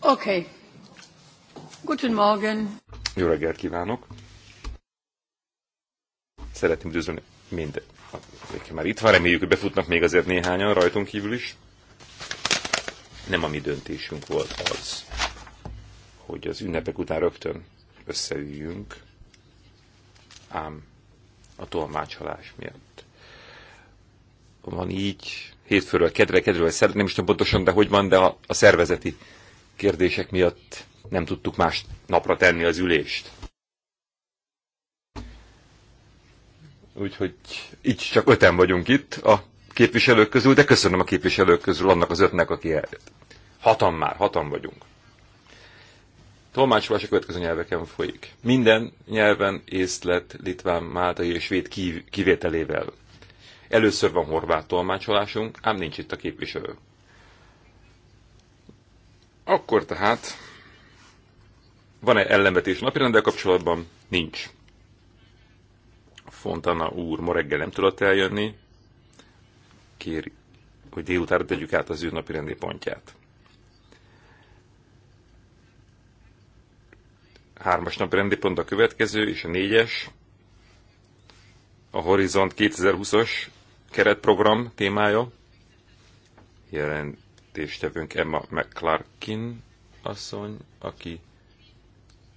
Oké. Okay. Guten Morgen. Jó reggelt kívánok. Szeretném üdvözölni minden. Aki már itt van, reméljük, hogy befutnak még azért néhányan rajtunk kívül is. Nem a mi döntésünk volt az, hogy az ünnepek után rögtön összeüljünk, ám a tolmácsolás miatt van így, hétfőről kedre, kedről szerdre, nem is tudom pontosan, de hogy van, de a, a szervezeti kérdések miatt nem tudtuk más napra tenni az ülést. Úgyhogy így csak öten vagyunk itt a képviselők közül, de köszönöm a képviselők közül annak az ötnek, aki eljött. Hatan már, hatan vagyunk. Tolmácsolás a következő nyelveken folyik. Minden nyelven észlet, litván, máltai és svéd kivételével. Először van horvát tolmácsolásunk, ám nincs itt a képviselő. Akkor tehát van-e ellenvetés napirendel kapcsolatban? Nincs. Fontana úr ma reggel nem tudott eljönni. Kéri, hogy délután tegyük át az ő napirendi pontját. Hármas napirendi pont a következő, és a négyes. A Horizont 2020-as keretprogram témája. Jelentéstevőnk Emma McClarkin asszony, aki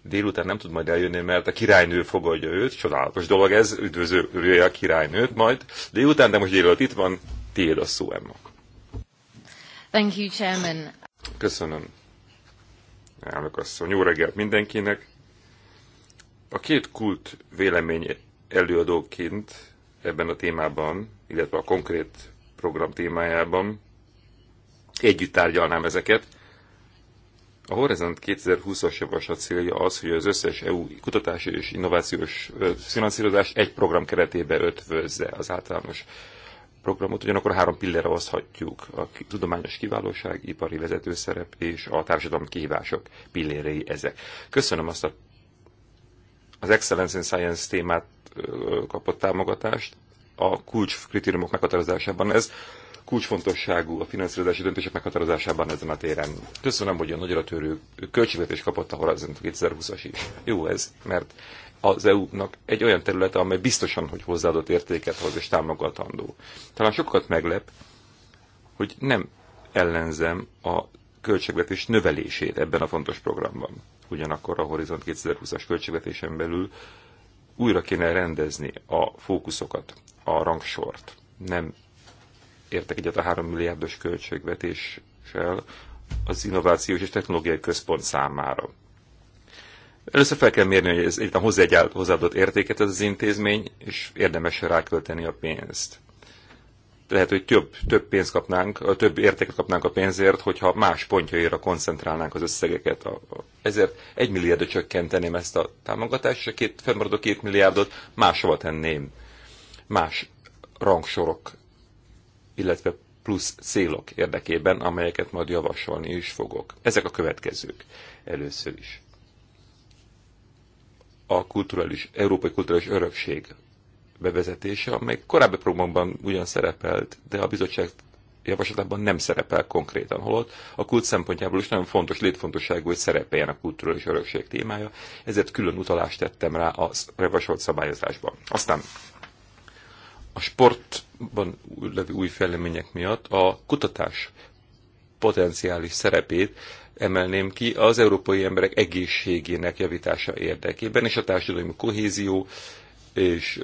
délután nem tud majd eljönni, mert a királynő fogadja őt. Csodálatos dolog ez, üdvözölője a királynőt majd délután, de most délután itt van, tiéd a szó, Emma. Thank you, Chairman. Köszönöm. Elnök asszony, jó reggelt mindenkinek. A két kult vélemény előadóként ebben a témában illetve a konkrét program témájában. Együtt tárgyalnám ezeket. A Horizon 2020-as javaslat célja az, hogy az összes EU kutatási és innovációs finanszírozás egy program keretébe ötvözze az általános programot, ugyanakkor három pillére oszthatjuk a tudományos kiválóság, ipari vezetőszerep és a társadalmi kihívások pillérei ezek. Köszönöm azt a, az Excellence in Science témát kapott támogatást, a kulcs kritériumok meghatározásában. Ez kulcsfontosságú a finanszírozási döntések meghatározásában ezen a téren. Köszönöm, hogy a nagyra törő költségvetés kapott a Horizon 2020-as is. Jó ez, mert az EU-nak egy olyan területe, amely biztosan, hogy hozzáadott értéket hoz és támogatandó. Talán sokat meglep, hogy nem ellenzem a költségvetés növelését ebben a fontos programban. Ugyanakkor a Horizont 2020-as költségvetésen belül újra kéne rendezni a fókuszokat, a rangsort. Nem értek egyet a 3 milliárdos költségvetéssel az innovációs és technológiai központ számára. Először fel kell mérni, hogy ez egyáltalán hozzáadott értéket ez az intézmény, és érdemes rákölteni a pénzt lehet, hogy több, több pénzt kapnánk, több értéket kapnánk a pénzért, hogyha más pontjaira koncentrálnánk az összegeket. Ezért egy milliárdot csökkenteném ezt a támogatást, és a két, fennmaradó két milliárdot máshova tenném. Más rangsorok, illetve plusz célok érdekében, amelyeket majd javasolni is fogok. Ezek a következők először is. A kulturális, európai kulturális örökség bevezetése, amely korábbi programban ugyan szerepelt, de a bizottság javaslatában nem szerepel konkrétan, holott a kult szempontjából is nagyon fontos, létfontosságú, hogy szerepeljen a kulturális örökség témája, ezért külön utalást tettem rá a javasolt szabályozásban. Aztán a sportban levő új fejlemények miatt a kutatás potenciális szerepét emelném ki az európai emberek egészségének javítása érdekében, és a társadalmi kohézió és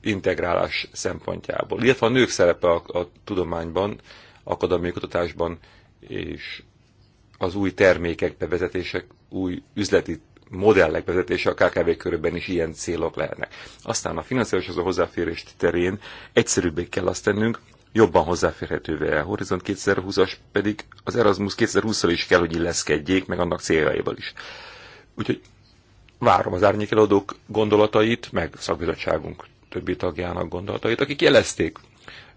integrálás szempontjából. Illetve a nők szerepe a, a tudományban, akadémiai kutatásban és az új termékek bevezetések, új üzleti modellek bevezetése a KKV körülben is ilyen célok lehetnek. Aztán a finanszírozás a hozzáférés terén egyszerűbbé kell azt tennünk, jobban hozzáférhetővé a Horizont 2020-as, pedig az Erasmus 2020-szal is kell, hogy illeszkedjék, meg annak céljaival is. Úgyhogy várom az árnyékelődők gondolatait, meg szakbizottságunk többi tagjának gondolatait, akik jelezték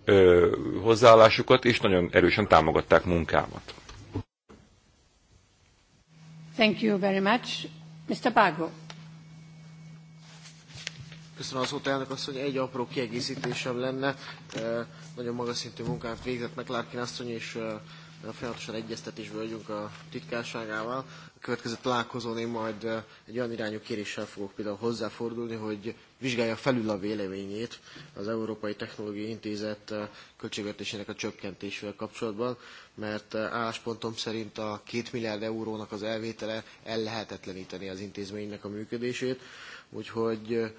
ö, hozzáállásukat, és nagyon erősen támogatták munkámat. Thank you very much. Mr. Bago. Köszönöm az szót, elnök asszony. Egy apró kiegészítésem lenne. E, nagyon magas szintű munkát végzett McLarkin asszony, és e, folyamatosan egyeztetésben vagyunk a titkárságával. A következő találkozón én majd eh, egy olyan irányú kéréssel fogok például hozzáfordulni, hogy vizsgálja felül a véleményét az Európai Technológiai Intézet eh, költségvetésének a csökkentésével kapcsolatban, mert eh, álláspontom szerint a két milliárd eurónak az elvétele ellehetetleníteni az intézménynek a működését, úgyhogy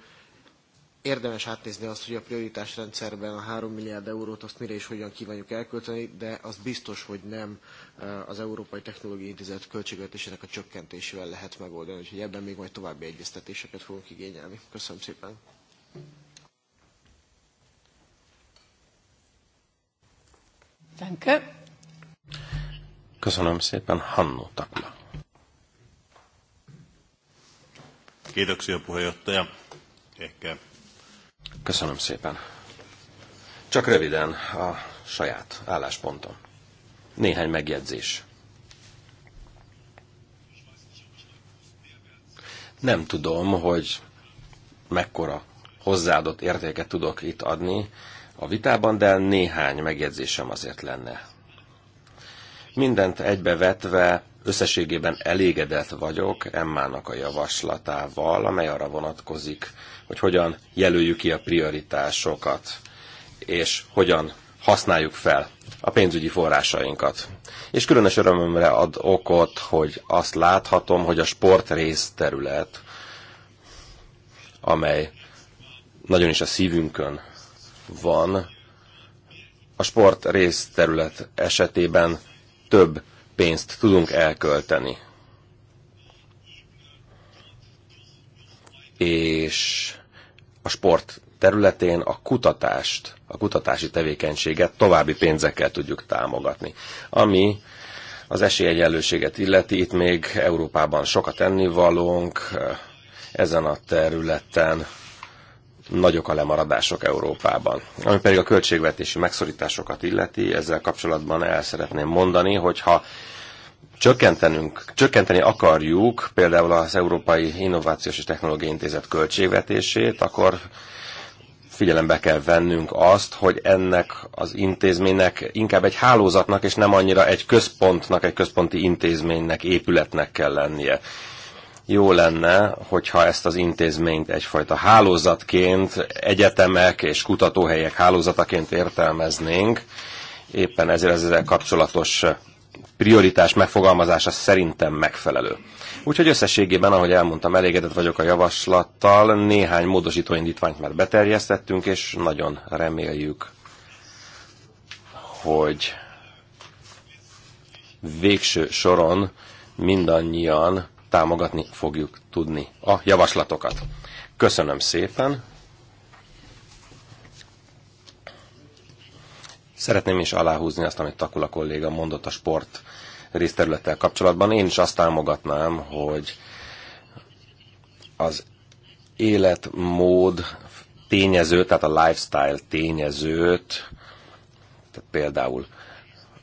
érdemes átnézni azt, hogy a prioritásrendszerben a 3 milliárd eurót azt mire és hogyan kívánjuk elkölteni, de az biztos, hogy nem eh, az Európai Technológiai Intézet költségvetésének a csökkentésével lehet megoldani, úgyhogy ebben még majd további egyeztetéseket fogunk igényelni. Köszönöm szépen! Danke. Köszönöm szépen, Hannu Takula. Kiitoksia puheenjohtaja. Ehkä Köszönöm szépen. Csak röviden a saját álláspontom. Néhány megjegyzés. Nem tudom, hogy mekkora hozzáadott értéket tudok itt adni a vitában, de néhány megjegyzésem azért lenne. Mindent egybevetve összességében elégedett vagyok Emmának a javaslatával, amely arra vonatkozik, hogy hogyan jelöljük ki a prioritásokat, és hogyan használjuk fel a pénzügyi forrásainkat. És különös örömömre ad okot, hogy azt láthatom, hogy a sport részterület, amely nagyon is a szívünkön van, a sport részterület esetében több pénzt tudunk elkölteni és a sport területén a kutatást, a kutatási tevékenységet további pénzekkel tudjuk támogatni. Ami az esélyegyenlőséget illeti, itt még Európában sokat ennivalónk, ezen a területen nagyok a lemaradások Európában. Ami pedig a költségvetési megszorításokat illeti, ezzel kapcsolatban el szeretném mondani, hogyha csökkentenünk, csökkenteni akarjuk például az Európai Innovációs és Technológiai Intézet költségvetését, akkor figyelembe kell vennünk azt, hogy ennek az intézménynek inkább egy hálózatnak, és nem annyira egy központnak, egy központi intézménynek, épületnek kell lennie. Jó lenne, hogyha ezt az intézményt egyfajta hálózatként, egyetemek és kutatóhelyek hálózataként értelmeznénk, éppen ezért ezzel kapcsolatos prioritás megfogalmazása szerintem megfelelő. Úgyhogy összességében, ahogy elmondtam, elégedett vagyok a javaslattal, néhány módosító indítványt már beterjesztettünk, és nagyon reméljük, hogy végső soron mindannyian támogatni fogjuk tudni a javaslatokat. Köszönöm szépen, Szeretném is aláhúzni azt, amit Takula kolléga mondott a sport részterülettel kapcsolatban. Én is azt támogatnám, hogy az életmód tényező, tehát a lifestyle tényezőt, tehát például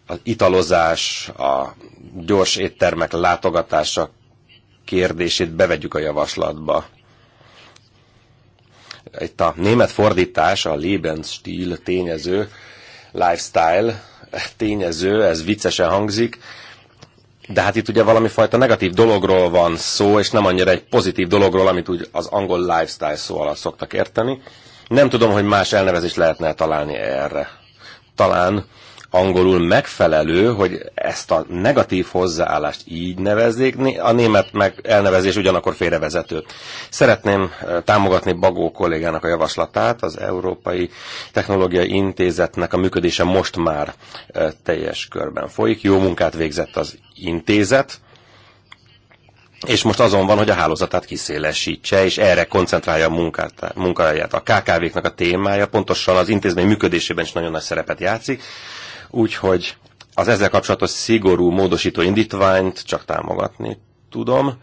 az italozás, a gyors éttermek látogatása kérdését bevegyük a javaslatba. Itt a német fordítás, a Lebensstil tényező, lifestyle tényező, ez viccesen hangzik, de hát itt ugye valami fajta negatív dologról van szó, és nem annyira egy pozitív dologról, amit úgy az angol lifestyle szó alatt szoktak érteni. Nem tudom, hogy más elnevezést lehetne találni erre. Talán angolul megfelelő, hogy ezt a negatív hozzáállást így nevezzék, a német meg elnevezés ugyanakkor félrevezető. Szeretném támogatni Bagó kollégának a javaslatát, az Európai Technológiai Intézetnek a működése most már teljes körben folyik. Jó munkát végzett az intézet, és most azon van, hogy a hálózatát kiszélesítse, és erre koncentrálja a munkáját. A KKV-knak a témája pontosan az intézmény működésében is nagyon nagy szerepet játszik, úgyhogy az ezzel kapcsolatos szigorú módosító indítványt csak támogatni tudom.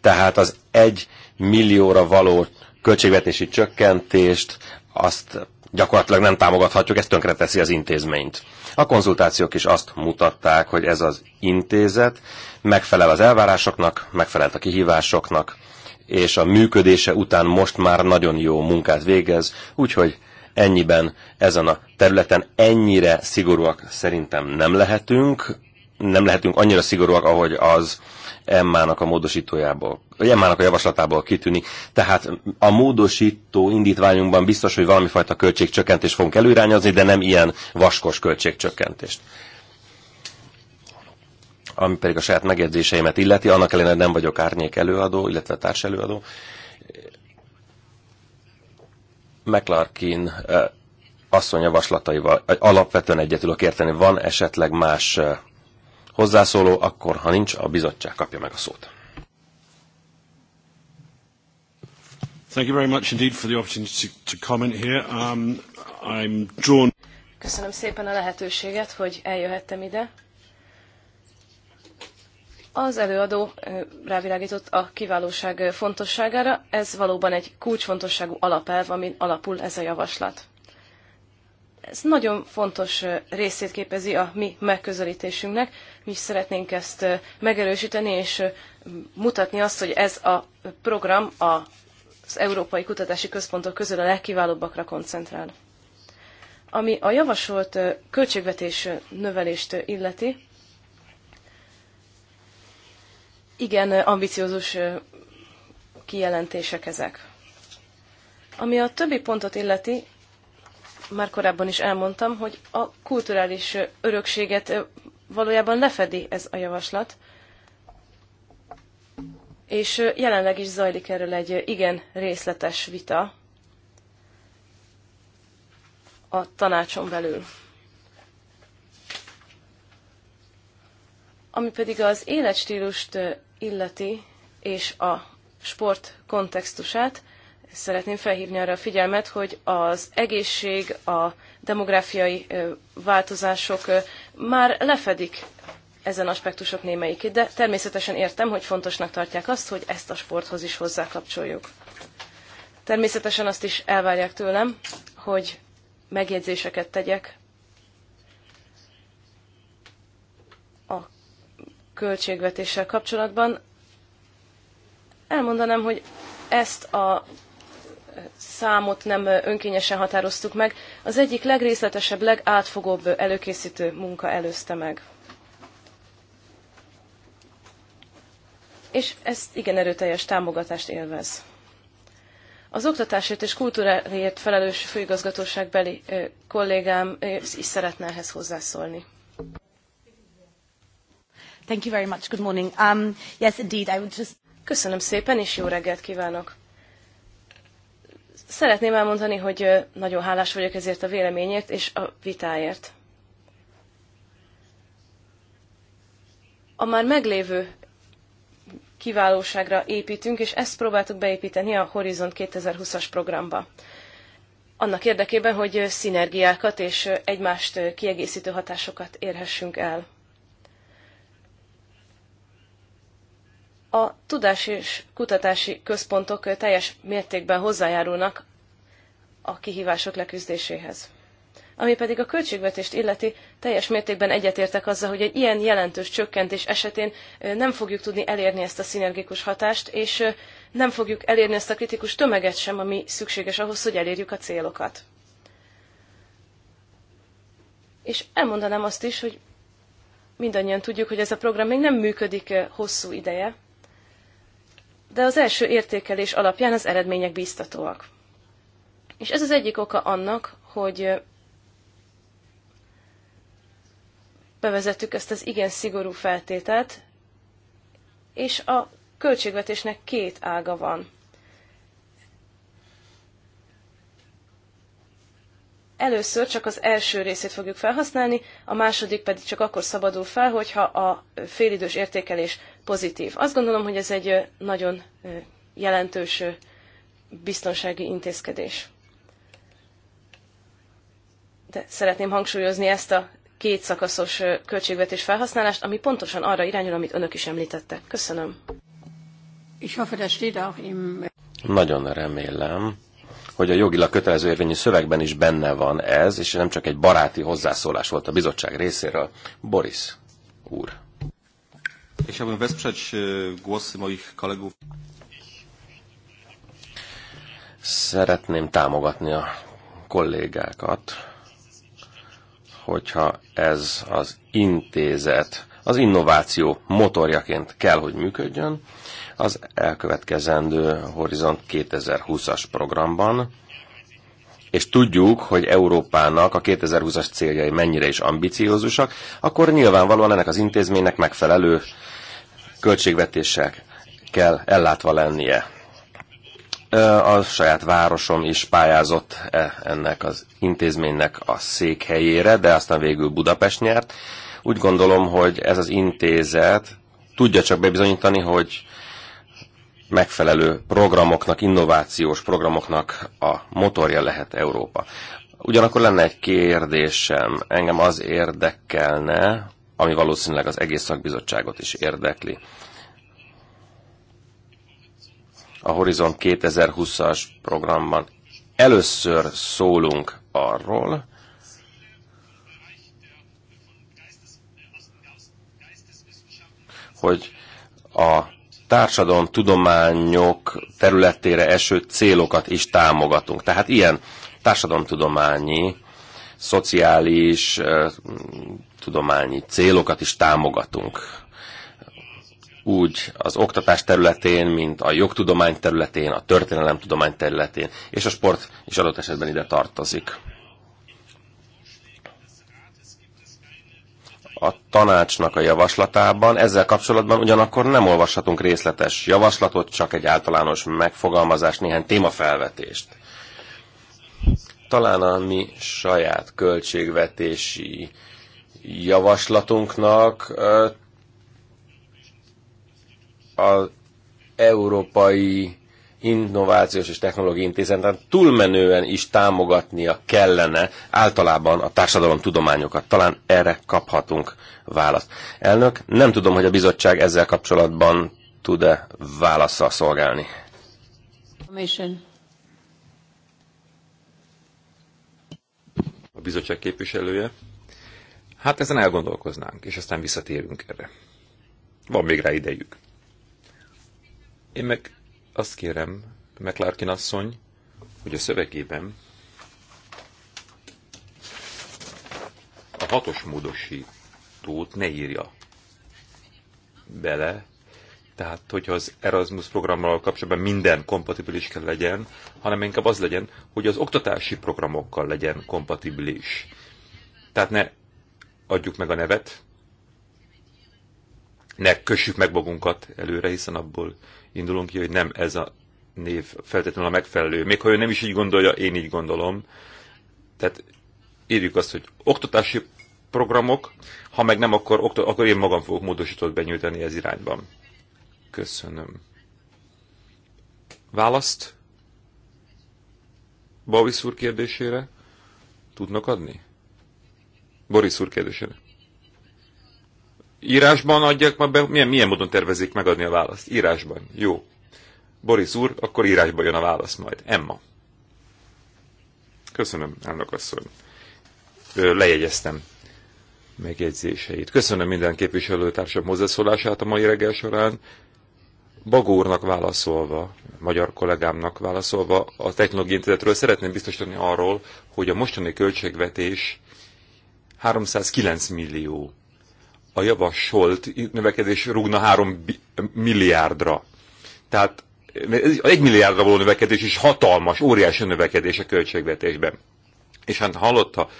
Tehát az egy millióra való költségvetési csökkentést azt gyakorlatilag nem támogathatjuk, ez tönkreteszi az intézményt. A konzultációk is azt mutatták, hogy ez az intézet megfelel az elvárásoknak, megfelelt a kihívásoknak, és a működése után most már nagyon jó munkát végez, úgyhogy ennyiben ezen a területen ennyire szigorúak szerintem nem lehetünk, nem lehetünk annyira szigorúak, ahogy az Emmának a módosítójából, vagy Emmának a javaslatából kitűnik. Tehát a módosító indítványunkban biztos, hogy valami fajta költségcsökkentést fogunk előirányozni, de nem ilyen vaskos költségcsökkentést. Ami pedig a saját megjegyzéseimet illeti, annak ellenére nem vagyok árnyék előadó, illetve társ előadó. McClarkin eh, asszony javaslataival alapvetően egyetülök érteni. Van esetleg más eh, hozzászóló, akkor ha nincs, a bizottság kapja meg a szót. Um, Köszönöm szépen a lehetőséget, hogy eljöhettem ide. Az előadó rávilágított a kiválóság fontosságára. Ez valóban egy kulcsfontosságú alapelv, amin alapul ez a javaslat ez nagyon fontos részét képezi a mi megközelítésünknek. Mi is szeretnénk ezt megerősíteni, és mutatni azt, hogy ez a program az Európai Kutatási Központok közül a legkiválóbbakra koncentrál. Ami a javasolt költségvetés növelést illeti, igen, ambiciózus kijelentések ezek. Ami a többi pontot illeti, már korábban is elmondtam, hogy a kulturális örökséget valójában lefedi ez a javaslat, és jelenleg is zajlik erről egy igen részletes vita a tanácson belül. Ami pedig az életstílust illeti, és a sport kontextusát, szeretném felhívni arra a figyelmet, hogy az egészség, a demográfiai változások már lefedik ezen aspektusok némelyikét, de természetesen értem, hogy fontosnak tartják azt, hogy ezt a sporthoz is hozzákapcsoljuk. Természetesen azt is elvárják tőlem, hogy megjegyzéseket tegyek a költségvetéssel kapcsolatban. Elmondanám, hogy ezt a számot nem önkényesen határoztuk meg, az egyik legrészletesebb, legátfogóbb előkészítő munka előzte meg. És ez igen erőteljes támogatást élvez. Az oktatásért és kultúráért felelős főigazgatóságbeli kollégám is szeretne ehhez hozzászólni. Thank you very much. Good morning. Um, yes, indeed, I would just... Köszönöm szépen, és jó reggelt kívánok! Szeretném elmondani, hogy nagyon hálás vagyok ezért a véleményért és a vitáért. A már meglévő kiválóságra építünk, és ezt próbáltuk beépíteni a Horizont 2020-as programba. Annak érdekében, hogy szinergiákat és egymást kiegészítő hatásokat érhessünk el. A tudás és kutatási központok teljes mértékben hozzájárulnak a kihívások leküzdéséhez. Ami pedig a költségvetést illeti, teljes mértékben egyetértek azzal, hogy egy ilyen jelentős csökkentés esetén nem fogjuk tudni elérni ezt a szinergikus hatást, és nem fogjuk elérni ezt a kritikus tömeget sem, ami szükséges ahhoz, hogy elérjük a célokat. És elmondanám azt is, hogy mindannyian tudjuk, hogy ez a program még nem működik hosszú ideje, de az első értékelés alapján az eredmények bíztatóak. És ez az egyik oka annak, hogy bevezettük ezt az igen szigorú feltételt, és a költségvetésnek két ága van. először csak az első részét fogjuk felhasználni, a második pedig csak akkor szabadul fel, hogyha a félidős értékelés pozitív. Azt gondolom, hogy ez egy nagyon jelentős biztonsági intézkedés. De szeretném hangsúlyozni ezt a két szakaszos költségvetés felhasználást, ami pontosan arra irányul, amit önök is említettek. Köszönöm. Ich hoffe, das steht auch im... Nagyon remélem, hogy a jogilag kötelező érvényű szövegben is benne van ez, és nem csak egy baráti hozzászólás volt a bizottság részéről. Boris úr. És chciałbym wesprzeć e, głosy moich kolegów. Szeretném támogatni a kollégákat, hogyha ez az intézet az innováció motorjaként kell, hogy működjön, az elkövetkezendő Horizont 2020-as programban, és tudjuk, hogy Európának a 2020-as céljai mennyire is ambiciózusak, akkor nyilvánvalóan ennek az intézménynek megfelelő költségvetéssel kell ellátva lennie. A saját városom is pályázott e, ennek az intézménynek a székhelyére, de aztán végül Budapest nyert. Úgy gondolom, hogy ez az intézet tudja csak bebizonyítani, hogy megfelelő programoknak, innovációs programoknak a motorja lehet Európa. Ugyanakkor lenne egy kérdésem, engem az érdekelne, ami valószínűleg az egész szakbizottságot is érdekli. A Horizon 2020-as programban először szólunk arról, hogy a társadalom tudományok területére eső célokat is támogatunk. Tehát ilyen társadalomtudományi, szociális, tudományi célokat is támogatunk. Úgy az oktatás területén, mint a jogtudomány területén, a történelemtudomány területén, és a sport is adott esetben ide tartozik. a tanácsnak a javaslatában. Ezzel kapcsolatban ugyanakkor nem olvashatunk részletes javaslatot, csak egy általános megfogalmazás néhány témafelvetést. Talán a mi saját költségvetési javaslatunknak az európai innovációs és technológiai intézeten túlmenően is támogatnia kellene általában a társadalom tudományokat Talán erre kaphatunk választ. Elnök, nem tudom, hogy a bizottság ezzel kapcsolatban tud-e válaszsal szolgálni. A bizottság képviselője. Hát ezen elgondolkoznánk, és aztán visszatérünk erre. Van még rá idejük. Én meg azt kérem, McLarkin asszony, hogy a szövegében a hatos módosítót ne írja bele, tehát hogyha az Erasmus programmal kapcsolatban minden kompatibilis kell legyen, hanem inkább az legyen, hogy az oktatási programokkal legyen kompatibilis. Tehát ne adjuk meg a nevet, ne kössük meg magunkat előre, hiszen abból indulunk ki, hogy nem ez a név feltétlenül a megfelelő. Még ha ő nem is így gondolja, én így gondolom. Tehát írjuk azt, hogy oktatási programok, ha meg nem, akkor, akkor én magam fogok módosítót benyújtani ez irányban. Köszönöm. Választ? Bauis úr kérdésére? Tudnak adni? Boris úr kérdésére. Írásban adják már be, milyen, milyen módon tervezik megadni a választ? Írásban. Jó. Boris úr, akkor írásban jön a válasz majd. Emma. Köszönöm, elnök asszony. Lejegyeztem megjegyzéseit. Köszönöm minden képviselőtársam hozzászólását a mai reggel során. Bagórnak válaszolva, magyar kollégámnak válaszolva, a Technológiai Intézetről szeretném biztosítani arról, hogy a mostani költségvetés 309 millió a javasolt növekedés rúgna 3 milliárdra. Tehát az egy milliárdra való növekedés is hatalmas, óriási növekedés a költségvetésben. És hát hallotta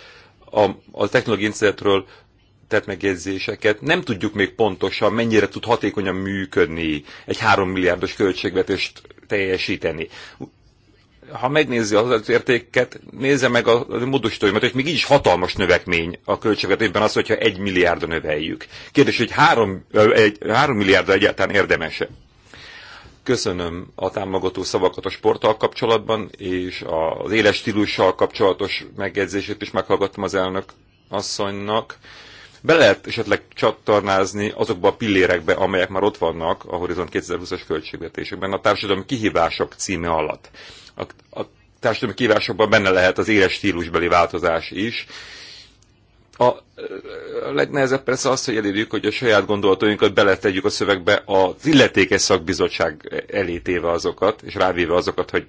a, a technológiai incidentről tett megjegyzéseket, nem tudjuk még pontosan, mennyire tud hatékonyan működni egy három milliárdos költségvetést teljesíteni ha megnézi az értéket, nézze meg a módosítóimat, hogy még így is hatalmas növekmény a költségvetésben az, hogyha egy milliárdra növeljük. Kérdés, hogy három, egy, három milliárdra egyáltalán érdemese. Köszönöm a támogató szavakat a sporttal kapcsolatban, és az éles stílussal kapcsolatos megjegyzését is meghallgattam az elnök asszonynak. Be lehet esetleg csattarnázni azokba a pillérekbe, amelyek már ott vannak a Horizont 2020-as költségvetésekben, a társadalmi kihívások címe alatt a, a társadalmi kívásokban benne lehet az éles stílusbeli változás is. A, a legnehezebb persze az, hogy elérjük, hogy a saját gondolatainkat beletegyük a szövegbe az illetékes szakbizottság elétéve azokat, és rávéve azokat, hogy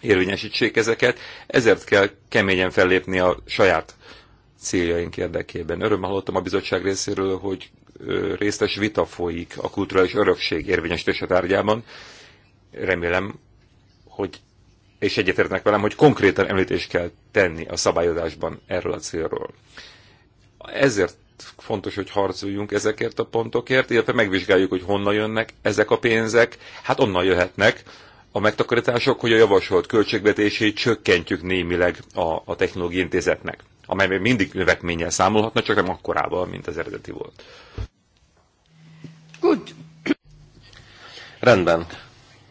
érvényesítsék ezeket, ezért kell keményen fellépni a saját céljaink érdekében. Örömmel hallottam a bizottság részéről, hogy résztes vita folyik a kulturális örökség érvényesítése tárgyában. Remélem, hogy és egyetértnek velem, hogy konkrétan említést kell tenni a szabályozásban erről a célról. Ezért fontos, hogy harcoljunk ezekért a pontokért, illetve megvizsgáljuk, hogy honnan jönnek ezek a pénzek. Hát onnan jöhetnek a megtakarítások, hogy a javasolt költségvetését csökkentjük némileg a, a technológiai intézetnek, amely még mindig növekménnyel számolhatna, csak nem akkorával, mint az eredeti volt. Good. Rendben.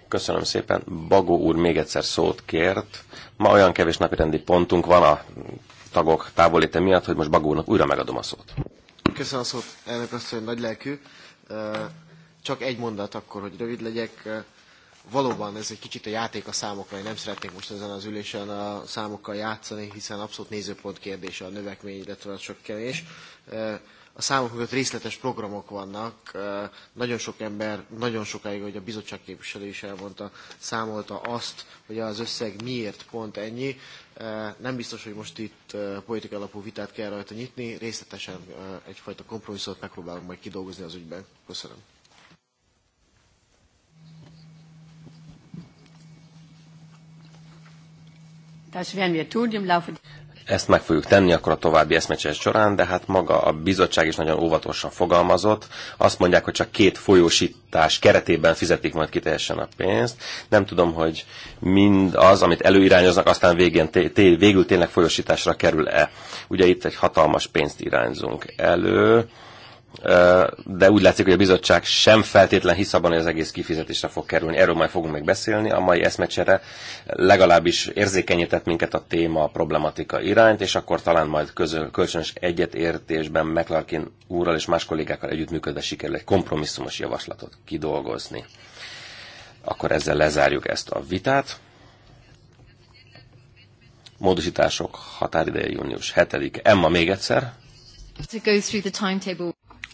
Köszönöm szépen. Bagó úr még egyszer szót kért. Ma olyan kevés napirendi pontunk van a tagok távoléte miatt, hogy most Bagó úrnak újra megadom a szót. Köszönöm a szót, elnök asszony, nagy lelkű. Csak egy mondat akkor, hogy rövid legyek. Valóban ez egy kicsit a játék a számokra, én nem szeretnék most ezen az ülésen a számokkal játszani, hiszen abszolút nézőpont kérdése a növekmény, illetve a csökkenés a számok mögött részletes programok vannak. Nagyon sok ember, nagyon sokáig, hogy a bizottság képviselő is elmondta, számolta azt, hogy az összeg miért pont ennyi. Nem biztos, hogy most itt politikai alapú vitát kell rajta nyitni, részletesen egyfajta kompromisszot megpróbálunk majd kidolgozni az ügyben. Köszönöm. Das werden wir tun im Laufe ezt meg fogjuk tenni akkor a további eszmecses során, de hát maga a bizottság is nagyon óvatosan fogalmazott. Azt mondják, hogy csak két folyósítás keretében fizetik majd ki teljesen a pénzt. Nem tudom, hogy mind az, amit előirányoznak, aztán végén té- végül tényleg folyósításra kerül-e. Ugye itt egy hatalmas pénzt irányzunk elő de úgy látszik, hogy a bizottság sem feltétlen hisz abban, hogy az egész kifizetésre fog kerülni. Erről majd fogunk még beszélni. A mai eszmecsere legalábbis érzékenyített minket a téma, a problematika irányt, és akkor talán majd közöl, kölcsönös egyetértésben McLarkin úrral és más kollégákkal együttműködve sikerül egy kompromisszumos javaslatot kidolgozni. Akkor ezzel lezárjuk ezt a vitát. Módosítások határideje június 7-e. Emma még egyszer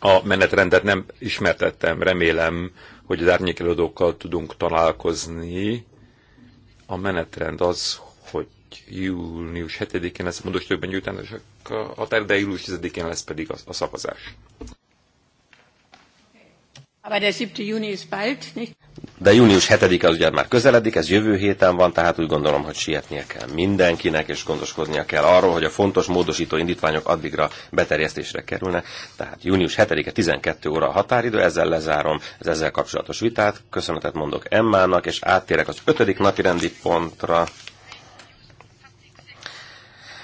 a menetrendet nem ismertettem, remélem, hogy az árnyékelődókkal tudunk találkozni. A menetrend az, hogy június 7-én lesz a módosítókban nyújtán, a határidő július 10-én lesz pedig a, a szavazás. De június 7-e az ugye már közeledik, ez jövő héten van, tehát úgy gondolom, hogy sietnie kell mindenkinek, és gondoskodnia kell arról, hogy a fontos módosító indítványok addigra beterjesztésre kerülnek. Tehát június 7-e 12 óra a határidő, ezzel lezárom az ezzel kapcsolatos vitát. Köszönetet mondok Emmának, és áttérek az 5. napi rendi pontra.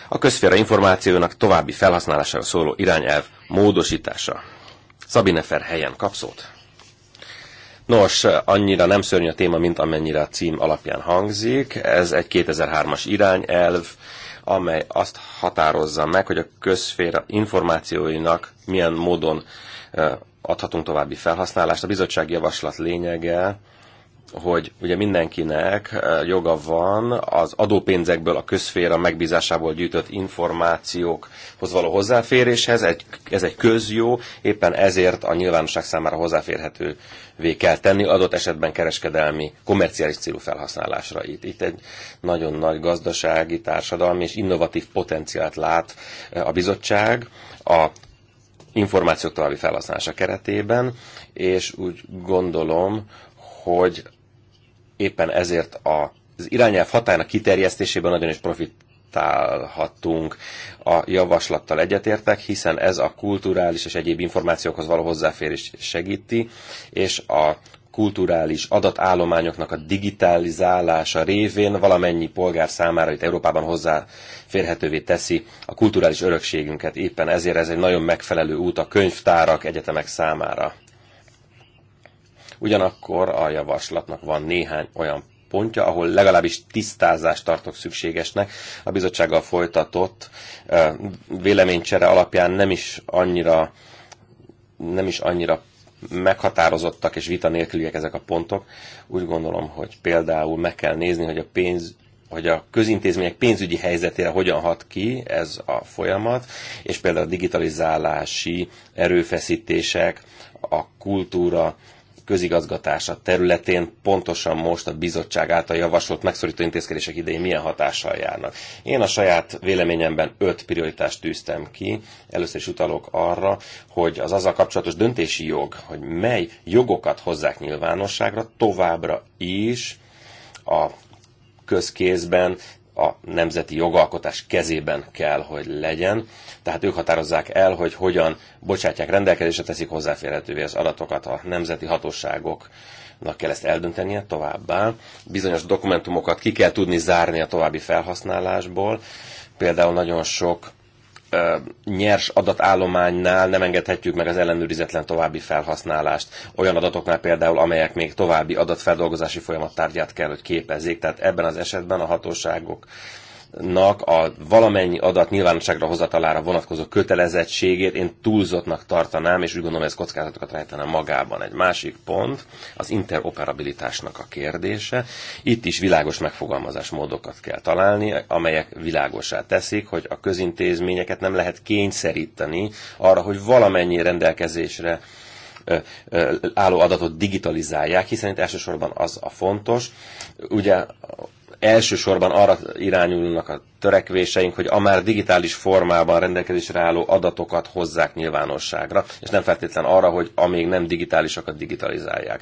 A közféra információnak további felhasználására szóló irányelv módosítása. Szabine helyen kapszót. Nos, annyira nem szörnyű a téma, mint amennyire a cím alapján hangzik. Ez egy 2003-as irányelv, amely azt határozza meg, hogy a közféra információinak milyen módon eh, adhatunk további felhasználást. A bizottság javaslat lényege hogy ugye mindenkinek eh, joga van az adópénzekből, a közféra megbízásából gyűjtött információkhoz való hozzáféréshez, egy, ez egy közjó, éppen ezért a nyilvánosság számára hozzáférhetővé kell tenni, adott esetben kereskedelmi, komerciális célú felhasználásra. Itt, itt egy nagyon nagy gazdasági, társadalmi és innovatív potenciált lát eh, a bizottság, a információk további felhasználása keretében, és úgy gondolom, hogy éppen ezért a, az irányelv hatájának kiterjesztésében nagyon is profitálhatunk a javaslattal egyetértek, hiszen ez a kulturális és egyéb információkhoz való hozzáférés segíti, és a kulturális adatállományoknak a digitalizálása révén valamennyi polgár számára itt Európában hozzáférhetővé teszi a kulturális örökségünket. Éppen ezért ez egy nagyon megfelelő út a könyvtárak, egyetemek számára. Ugyanakkor a javaslatnak van néhány olyan pontja, ahol legalábbis tisztázást tartok szükségesnek. A bizottsággal folytatott véleménycsere alapján nem is annyira nem is annyira meghatározottak és vita nélküliek ezek a pontok. Úgy gondolom, hogy például meg kell nézni, hogy a pénz, hogy a közintézmények pénzügyi helyzetére hogyan hat ki ez a folyamat, és például a digitalizálási erőfeszítések, a kultúra közigazgatása területén pontosan most a bizottság által javasolt megszorító intézkedések idején milyen hatással járnak. Én a saját véleményemben öt prioritást tűztem ki. Először is utalok arra, hogy az azzal kapcsolatos döntési jog, hogy mely jogokat hozzák nyilvánosságra, továbbra is a közkézben a nemzeti jogalkotás kezében kell, hogy legyen. Tehát ők határozzák el, hogy hogyan bocsátják rendelkezésre, teszik hozzáférhetővé az adatokat a nemzeti hatóságok kell ezt eldöntenie továbbá. Bizonyos dokumentumokat ki kell tudni zárni a további felhasználásból. Például nagyon sok nyers adatállománynál nem engedhetjük meg az ellenőrizetlen további felhasználást. Olyan adatoknál például, amelyek még további adatfeldolgozási folyamat tárgyát kell, hogy képezzék. Tehát ebben az esetben a hatóságok nak a valamennyi adat nyilvánosságra hozatalára vonatkozó kötelezettségét én túlzottnak tartanám, és úgy gondolom ez kockázatokat rejtene magában. Egy másik pont az interoperabilitásnak a kérdése. Itt is világos megfogalmazás módokat kell találni, amelyek világosá teszik, hogy a közintézményeket nem lehet kényszeríteni arra, hogy valamennyi rendelkezésre álló adatot digitalizálják, hiszen itt elsősorban az a fontos. Ugye elsősorban arra irányulnak a törekvéseink, hogy a már digitális formában rendelkezésre álló adatokat hozzák nyilvánosságra, és nem feltétlen arra, hogy amíg nem digitálisakat digitalizálják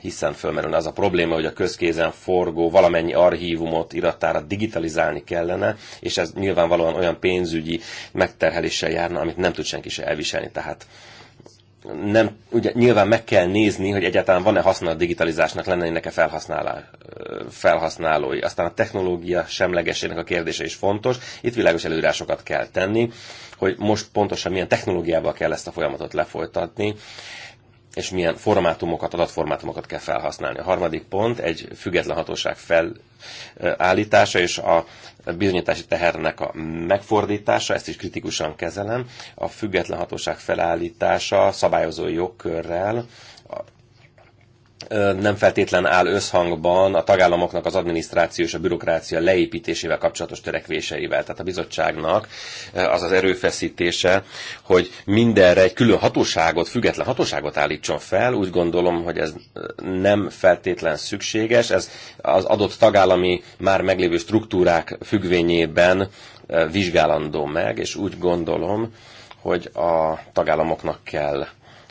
hiszen fölmerülne az a probléma, hogy a közkézen forgó valamennyi archívumot, irattára digitalizálni kellene, és ez nyilvánvalóan olyan pénzügyi megterheléssel járna, amit nem tud senki se elviselni. Tehát nem, ugye nyilván meg kell nézni, hogy egyáltalán van-e haszna a digitalizásnak, lennének-e felhasználói. Aztán a technológia semlegesének a kérdése is fontos. Itt világos előírásokat kell tenni, hogy most pontosan milyen technológiával kell ezt a folyamatot lefolytatni és milyen formátumokat, adatformátumokat kell felhasználni. A harmadik pont egy független hatóság felállítása és a bizonyítási tehernek a megfordítása, ezt is kritikusan kezelem. A független hatóság felállítása szabályozó jogkörrel nem feltétlen áll összhangban a tagállamoknak az adminisztráció és a bürokrácia leépítésével kapcsolatos törekvéseivel. Tehát a bizottságnak az az erőfeszítése, hogy mindenre egy külön hatóságot, független hatóságot állítson fel. Úgy gondolom, hogy ez nem feltétlen szükséges. Ez az adott tagállami már meglévő struktúrák függvényében vizsgálandó meg, és úgy gondolom, hogy a tagállamoknak kell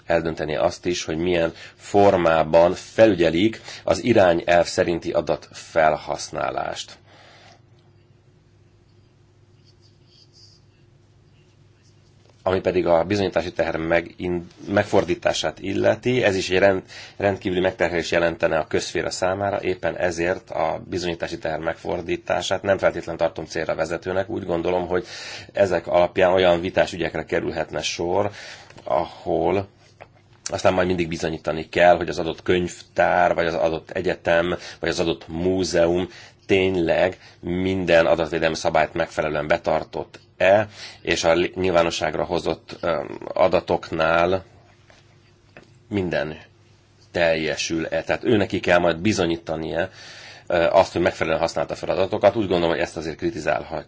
eldönteni azt is, hogy milyen formában felügyelik az irányelv szerinti adat felhasználást, ami pedig a bizonyítási teher meg, in, megfordítását illeti, ez is egy rend, rendkívüli megterhelés jelentene a közféra számára, éppen ezért a bizonyítási teher megfordítását nem feltétlen tartom célra vezetőnek, úgy gondolom, hogy ezek alapján olyan vitás ügyekre kerülhetne sor, ahol aztán majd mindig bizonyítani kell, hogy az adott könyvtár, vagy az adott egyetem, vagy az adott múzeum tényleg minden adatvédelmi szabályt megfelelően betartott-e, és a nyilvánosságra hozott adatoknál minden teljesül-e. Tehát ő neki kell majd bizonyítania azt, hogy megfelelően használta fel az adatokat. Úgy gondolom, hogy ezt azért kritizálhat,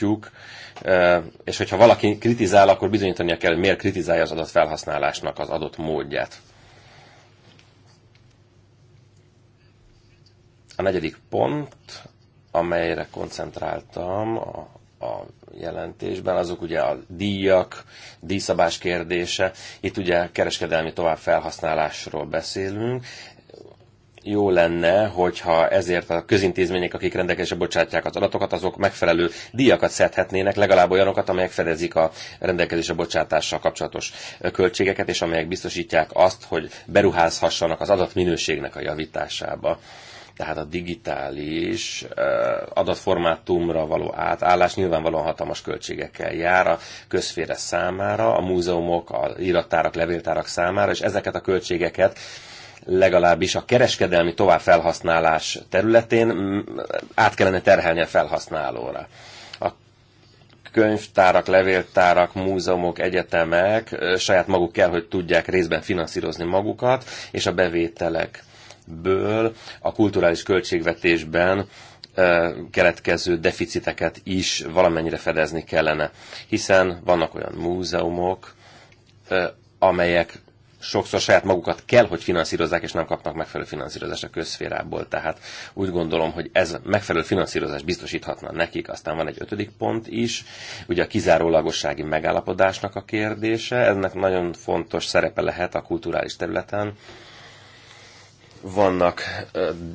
látjuk, és hogyha valaki kritizál, akkor bizonyítania kell, hogy miért kritizálja az adatfelhasználásnak az adott módját. A negyedik pont, amelyre koncentráltam a, a jelentésben, azok ugye a díjak, díjszabás kérdése. Itt ugye kereskedelmi továbbfelhasználásról beszélünk jó lenne, hogyha ezért a közintézmények, akik rendelkezésre bocsátják az adatokat, azok megfelelő díjakat szedhetnének, legalább olyanokat, amelyek fedezik a rendelkezésre bocsátással kapcsolatos költségeket, és amelyek biztosítják azt, hogy beruházhassanak az adatminőségnek a javításába tehát a digitális adatformátumra való átállás nyilvánvalóan hatalmas költségekkel jár a közféle számára, a múzeumok, a irattárak, levéltárak számára, és ezeket a költségeket legalábbis a kereskedelmi továbbfelhasználás területén át kellene terhelni a felhasználóra. A könyvtárak, levéltárak, múzeumok, egyetemek saját maguk kell, hogy tudják részben finanszírozni magukat, és a bevételekből a kulturális költségvetésben keletkező deficiteket is valamennyire fedezni kellene. Hiszen vannak olyan múzeumok, amelyek sokszor saját magukat kell, hogy finanszírozzák, és nem kapnak megfelelő finanszírozást a közszférából. Tehát úgy gondolom, hogy ez megfelelő finanszírozást biztosíthatna nekik. Aztán van egy ötödik pont is, ugye a kizárólagossági megállapodásnak a kérdése. Ennek nagyon fontos szerepe lehet a kulturális területen. Vannak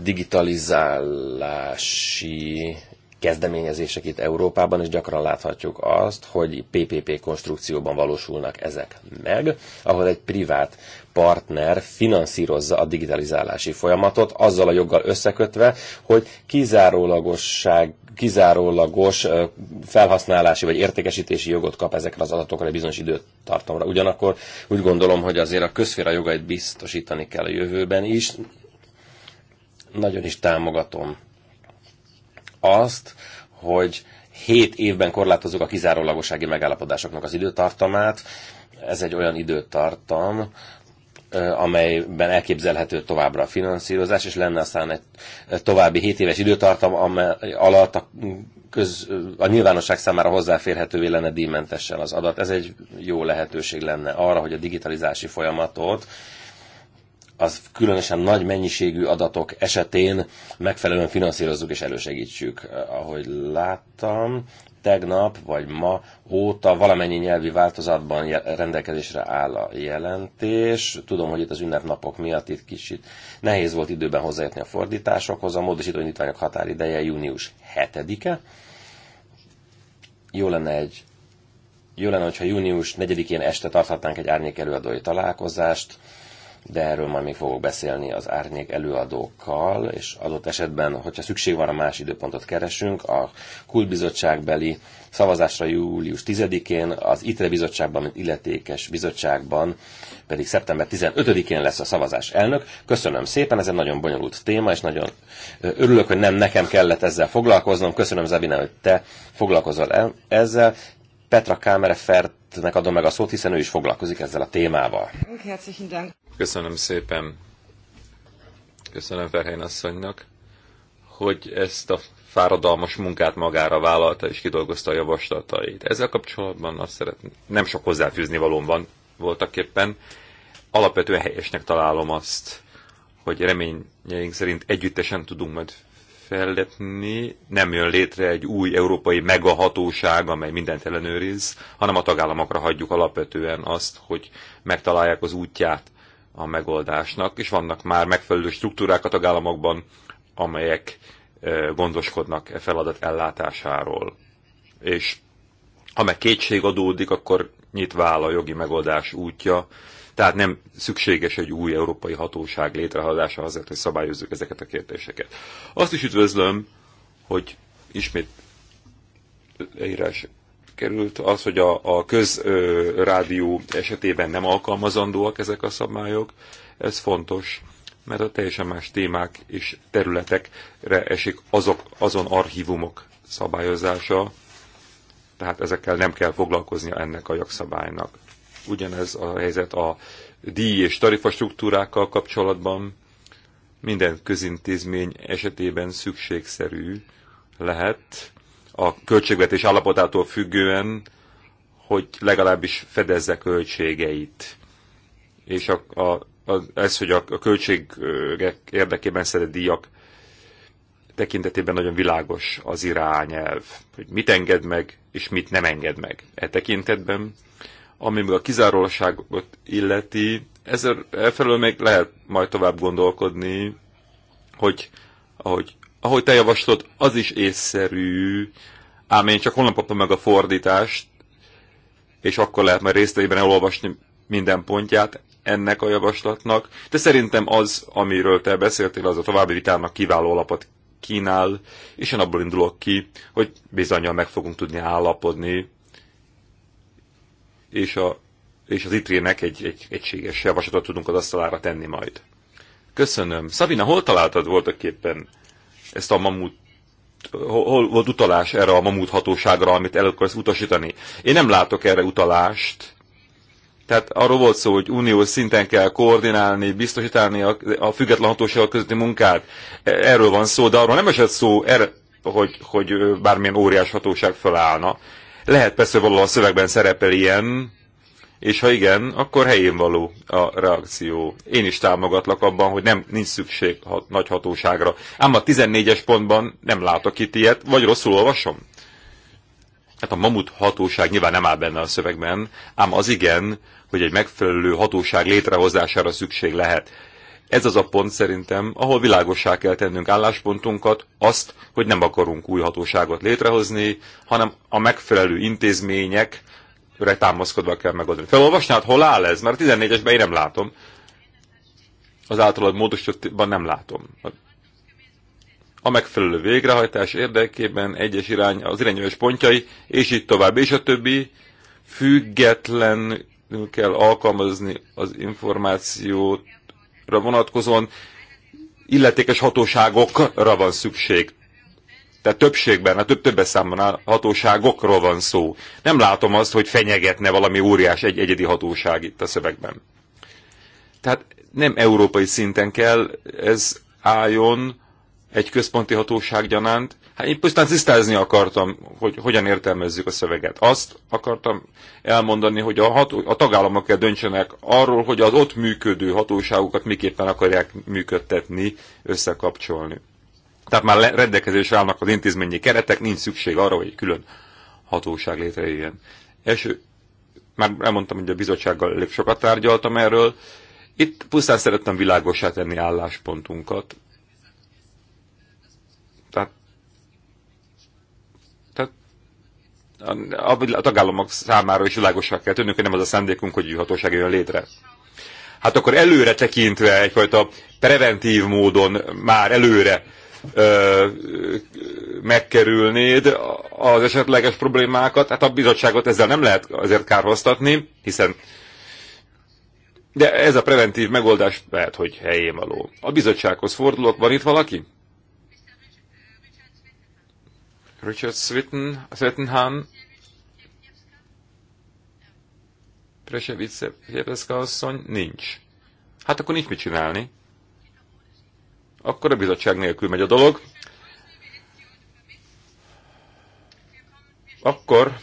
digitalizálási kezdeményezések itt Európában, és gyakran láthatjuk azt, hogy PPP konstrukcióban valósulnak ezek meg, ahol egy privát partner finanszírozza a digitalizálási folyamatot, azzal a joggal összekötve, hogy kizárólagosság, kizárólagos felhasználási vagy értékesítési jogot kap ezekre az adatokra egy bizonyos időtartamra. Ugyanakkor úgy gondolom, hogy azért a közféra jogait biztosítani kell a jövőben is. Nagyon is támogatom azt, hogy hét évben korlátozzuk a kizárólagossági megállapodásoknak az időtartamát. Ez egy olyan időtartam, amelyben elképzelhető továbbra a finanszírozás, és lenne aztán egy további 7 éves időtartam, amely alatt a, köz, a nyilvánosság számára hozzáférhetővé lenne díjmentesen az adat. Ez egy jó lehetőség lenne arra, hogy a digitalizási folyamatot az különösen nagy mennyiségű adatok esetén megfelelően finanszírozzuk és elősegítsük. Ahogy láttam, tegnap vagy ma óta valamennyi nyelvi változatban rendelkezésre áll a jelentés. Tudom, hogy itt az ünnepnapok miatt itt kicsit nehéz volt időben hozzájutni a fordításokhoz. A módosító indítványok határideje június 7-e. Jó lenne egy jó lenne, hogyha június 4-én este tarthatnánk egy árnyék előadói találkozást, de erről majd még fogok beszélni az árnyék előadókkal, és adott esetben, hogyha szükség van, a más időpontot keresünk. A kultbizottságbeli szavazásra július 10-én, az ITRE bizottságban, mint illetékes bizottságban pedig szeptember 15-én lesz a szavazás elnök. Köszönöm szépen, ez egy nagyon bonyolult téma, és nagyon örülök, hogy nem nekem kellett ezzel foglalkoznom. Köszönöm, Zabina, hogy te foglalkozol ezzel. Petra Kámere Fert Robertnek adom meg a szót, hiszen ő is foglalkozik ezzel a témával. Köszönöm szépen. Köszönöm Ferhelyen asszonynak, hogy ezt a fáradalmas munkát magára vállalta és kidolgozta a javaslatait. Ezzel kapcsolatban azt szeretném, nem sok hozzáfűzni valóban van voltak éppen. Alapvetően helyesnek találom azt, hogy reményeink szerint együttesen tudunk majd felletni, nem jön létre egy új európai megahatóság, amely mindent ellenőriz, hanem a tagállamokra hagyjuk alapvetően azt, hogy megtalálják az útját a megoldásnak, és vannak már megfelelő struktúrák a tagállamokban, amelyek gondoskodnak e feladat ellátásáról. És ha meg kétség adódik, akkor nyitva áll a jogi megoldás útja, tehát nem szükséges egy új európai hatóság létrehozása azért, hogy szabályozzuk ezeket a kérdéseket. Azt is üdvözlöm, hogy ismét leírás került az, hogy a, a közrádió esetében nem alkalmazandóak ezek a szabályok. Ez fontos, mert a teljesen más témák és területekre esik azok, azon archívumok szabályozása, tehát ezekkel nem kell foglalkoznia ennek a jogszabálynak ugyanez a helyzet a díj és tarifastruktúrákkal kapcsolatban. Minden közintézmény esetében szükségszerű lehet a költségvetés állapotától függően, hogy legalábbis fedezze költségeit. És a, a, a, ez, hogy a, a költségek érdekében szedett díjak tekintetében nagyon világos az irányelv, hogy mit enged meg, és mit nem enged meg. E tekintetben ami meg a kizárólságot illeti, ezzel elfelől még lehet majd tovább gondolkodni, hogy ahogy, ahogy te javaslod, az is észszerű, ám én csak holnap kapom meg a fordítást, és akkor lehet majd részteiben elolvasni minden pontját ennek a javaslatnak, de szerintem az, amiről te beszéltél, az a további vitának kiváló alapot kínál, és én abból indulok ki, hogy bizonyal meg fogunk tudni állapodni és, a, és az itrének nek egy, egy egységes javaslatot tudunk az asztalára tenni majd. Köszönöm. Szabina, hol találtad voltak éppen ezt a mamut hol, hol volt utalás erre a mamut hatóságra, amit el akarsz utasítani? Én nem látok erre utalást. Tehát arról volt szó, hogy uniós szinten kell koordinálni, biztosítani a, a független hatóságok közötti munkát. Erről van szó, de arról nem esett szó, erre, hogy, hogy bármilyen óriás hatóság felállna. Lehet persze valahol a szövegben szerepel ilyen, és ha igen, akkor helyén való a reakció. Én is támogatlak abban, hogy nem nincs szükség hat, nagy hatóságra. Ám a 14-es pontban nem látok itt ilyet, vagy rosszul olvasom. Hát a mamut hatóság nyilván nem áll benne a szövegben, ám az igen, hogy egy megfelelő hatóság létrehozására szükség lehet. Ez az a pont szerintem, ahol világossá kell tennünk álláspontunkat, azt, hogy nem akarunk új hatóságot létrehozni, hanem a megfelelő intézményekre támaszkodva kell megoldani. Felolvasnád, hol áll ez? Mert 14-esben én nem látom. Az általad módosítottban nem látom. A megfelelő végrehajtás érdekében egyes irány, az irányos pontjai, és így tovább, és a többi független kell alkalmazni az információt vonatkozóan illetékes hatóságokra van szükség. Tehát többségben, a hát több többes számban a hatóságokról van szó. Nem látom azt, hogy fenyegetne valami óriás egy egyedi hatóság itt a szövegben. Tehát nem európai szinten kell ez álljon egy központi hatóság gyanánt, Hát én pusztán tisztázni akartam, hogy hogyan értelmezzük a szöveget. Azt akartam elmondani, hogy a, ható, a tagállamok kell döntsenek arról, hogy az ott működő hatóságokat miképpen akarják működtetni, összekapcsolni. Tehát már rendelkezés állnak az intézményi keretek, nincs szükség arra, hogy egy külön hatóság létrejöjjön. Első, már elmondtam, hogy a bizottsággal elég sokat tárgyaltam erről. Itt pusztán szerettem világosá tenni álláspontunkat, a tagállamok számára is világosak kell tennünk, hogy nem az a szándékunk, hogy hatóság jön létre. Hát akkor előre tekintve egyfajta preventív módon már előre ö, megkerülnéd az esetleges problémákat, hát a bizottságot ezzel nem lehet azért kárhoztatni, hiszen de ez a preventív megoldás lehet, hogy helyén való. A bizottsághoz fordulok, van itt valaki? Richard Swetten, Swettenham, Prese Jebeszka asszony nincs. Hát akkor nincs mit csinálni. Akkor a bizottság nélkül megy a dolog. Akkor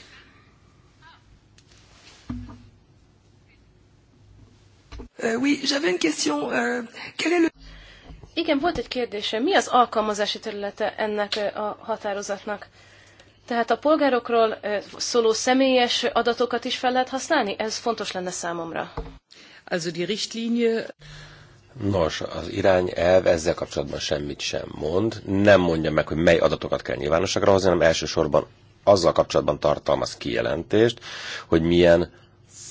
Uh, oui, j'avais une question. Euh, quel est le... Igen, volt egy kérdése. Mi az alkalmazási területe ennek a határozatnak? Tehát a polgárokról szóló személyes adatokat is fel lehet használni? Ez fontos lenne számomra. Also die Richtlinie... Nos, az irányelv ezzel kapcsolatban semmit sem mond. Nem mondja meg, hogy mely adatokat kell nyilvánosságra hozni, hanem elsősorban azzal kapcsolatban tartalmaz kijelentést, hogy milyen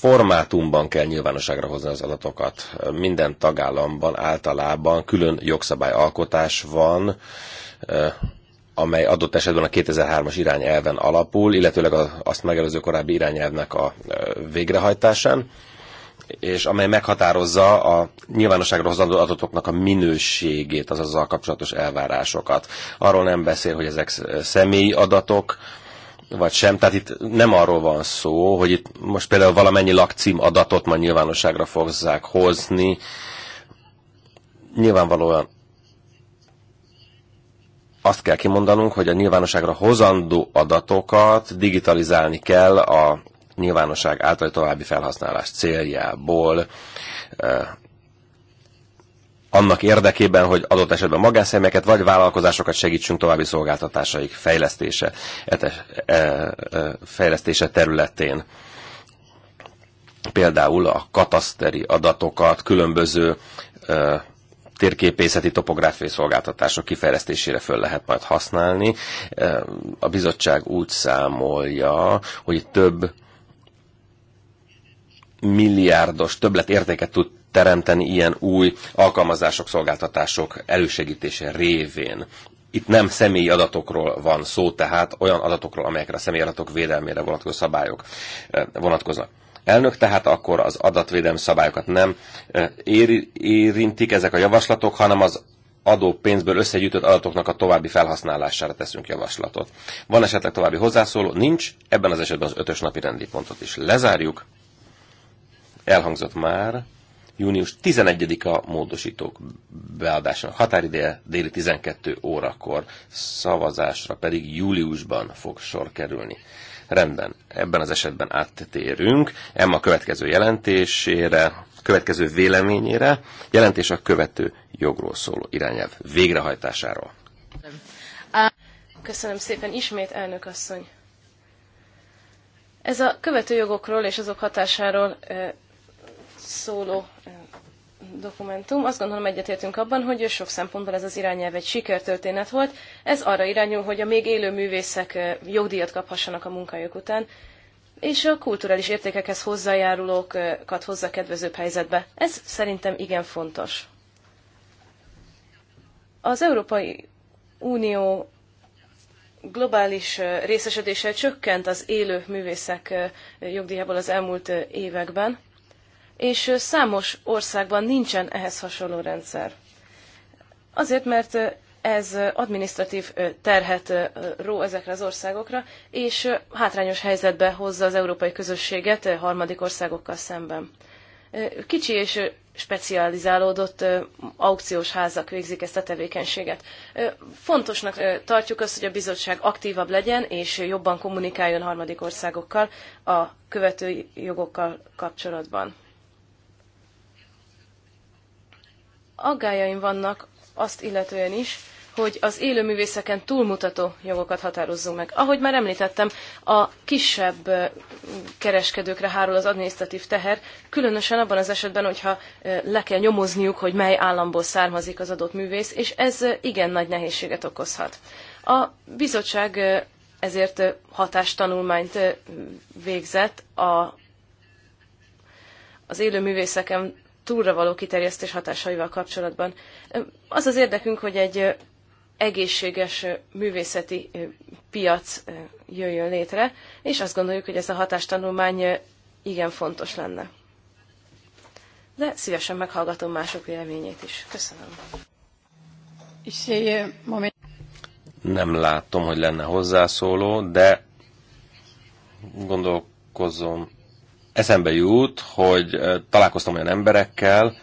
formátumban kell nyilvánosságra hozni az adatokat. Minden tagállamban általában külön jogszabályalkotás van, amely adott esetben a 2003-as irányelven alapul, illetőleg azt megelőző korábbi irányelvnek a végrehajtásán, és amely meghatározza a nyilvánosságra hozandó adatoknak a minőségét, azaz a kapcsolatos elvárásokat. Arról nem beszél, hogy ezek személyi adatok, vagy sem. Tehát itt nem arról van szó, hogy itt most például valamennyi lakcím adatot ma nyilvánosságra fogzzák hozni. Nyilvánvalóan azt kell kimondanunk, hogy a nyilvánosságra hozandó adatokat digitalizálni kell a nyilvánosság által további felhasználás céljából annak érdekében, hogy adott esetben magánszemélyeket vagy vállalkozásokat segítsünk további szolgáltatásaik fejlesztése, etes, e, e, fejlesztése területén. Például a kataszteri adatokat, különböző e, térképészeti topográfiai szolgáltatások kifejlesztésére föl lehet majd használni. E, a bizottság úgy számolja, hogy több milliárdos többletértéket tud teremteni ilyen új alkalmazások, szolgáltatások elősegítése révén. Itt nem személyi adatokról van szó, tehát olyan adatokról, amelyekre a személyi adatok védelmére vonatkozó szabályok eh, vonatkoznak elnök, tehát akkor az adatvédelmi szabályokat nem eh, éri, érintik ezek a javaslatok, hanem az adó pénzből összegyűjtött adatoknak a további felhasználására teszünk javaslatot. Van esetleg további hozzászóló? Nincs. Ebben az esetben az ötös napi rendi pontot is lezárjuk. Elhangzott már, június 11-a módosítók beadásának határideje déli 12 órakor, szavazásra pedig júliusban fog sor kerülni. Rendben, ebben az esetben áttérünk. Emma a következő jelentésére, következő véleményére, jelentés a követő jogról szóló irányelv végrehajtásáról. Köszönöm szépen, ismét elnök asszony. Ez a követő jogokról és azok hatásáról szóló dokumentum. Azt gondolom egyetértünk abban, hogy sok szempontból ez az irányelv egy sikertörténet volt. Ez arra irányul, hogy a még élő művészek jogdíjat kaphassanak a munkájuk után, és a kulturális értékekhez hozzájárulókat hozza kedvezőbb helyzetbe. Ez szerintem igen fontos. Az Európai Unió globális részesedése csökkent az élő művészek jogdíjából az elmúlt években és számos országban nincsen ehhez hasonló rendszer. Azért, mert ez administratív terhet ró ezekre az országokra, és hátrányos helyzetbe hozza az európai közösséget harmadik országokkal szemben. Kicsi és specializálódott aukciós házak végzik ezt a tevékenységet. Fontosnak tartjuk azt, hogy a bizottság aktívabb legyen és jobban kommunikáljon harmadik országokkal a követői jogokkal kapcsolatban. aggájaim vannak azt illetően is, hogy az élőművészeken túlmutató jogokat határozzunk meg. Ahogy már említettem, a kisebb kereskedőkre hárul az adminisztratív teher, különösen abban az esetben, hogyha le kell nyomozniuk, hogy mely államból származik az adott művész, és ez igen nagy nehézséget okozhat. A bizottság ezért hatástanulmányt végzett a, az élőművészeken túlra való kiterjesztés hatásaival kapcsolatban. Az az érdekünk, hogy egy egészséges művészeti piac jöjjön létre, és azt gondoljuk, hogy ez a hatástanulmány igen fontos lenne. De szívesen meghallgatom mások véleményét is. Köszönöm. Nem látom, hogy lenne hozzászóló, de gondolkozom eszembe jut, hogy találkoztam olyan emberekkel,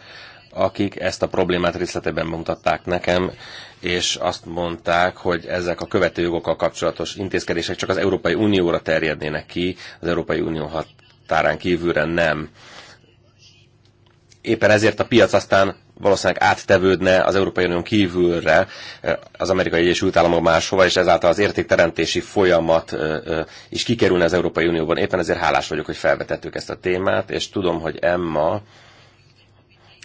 akik ezt a problémát részletében bemutatták nekem, és azt mondták, hogy ezek a követő jogokkal kapcsolatos intézkedések csak az Európai Unióra terjednének ki, az Európai Unió határán kívülre nem. Éppen ezért a piac aztán valószínűleg áttevődne az Európai Unión kívülre eh, az Amerikai Egyesült Államok máshova, és ezáltal az értékteremtési folyamat eh, eh, is kikerülne az Európai Unióban. Éppen ezért hálás vagyok, hogy felvetettük ezt a témát, és tudom, hogy Emma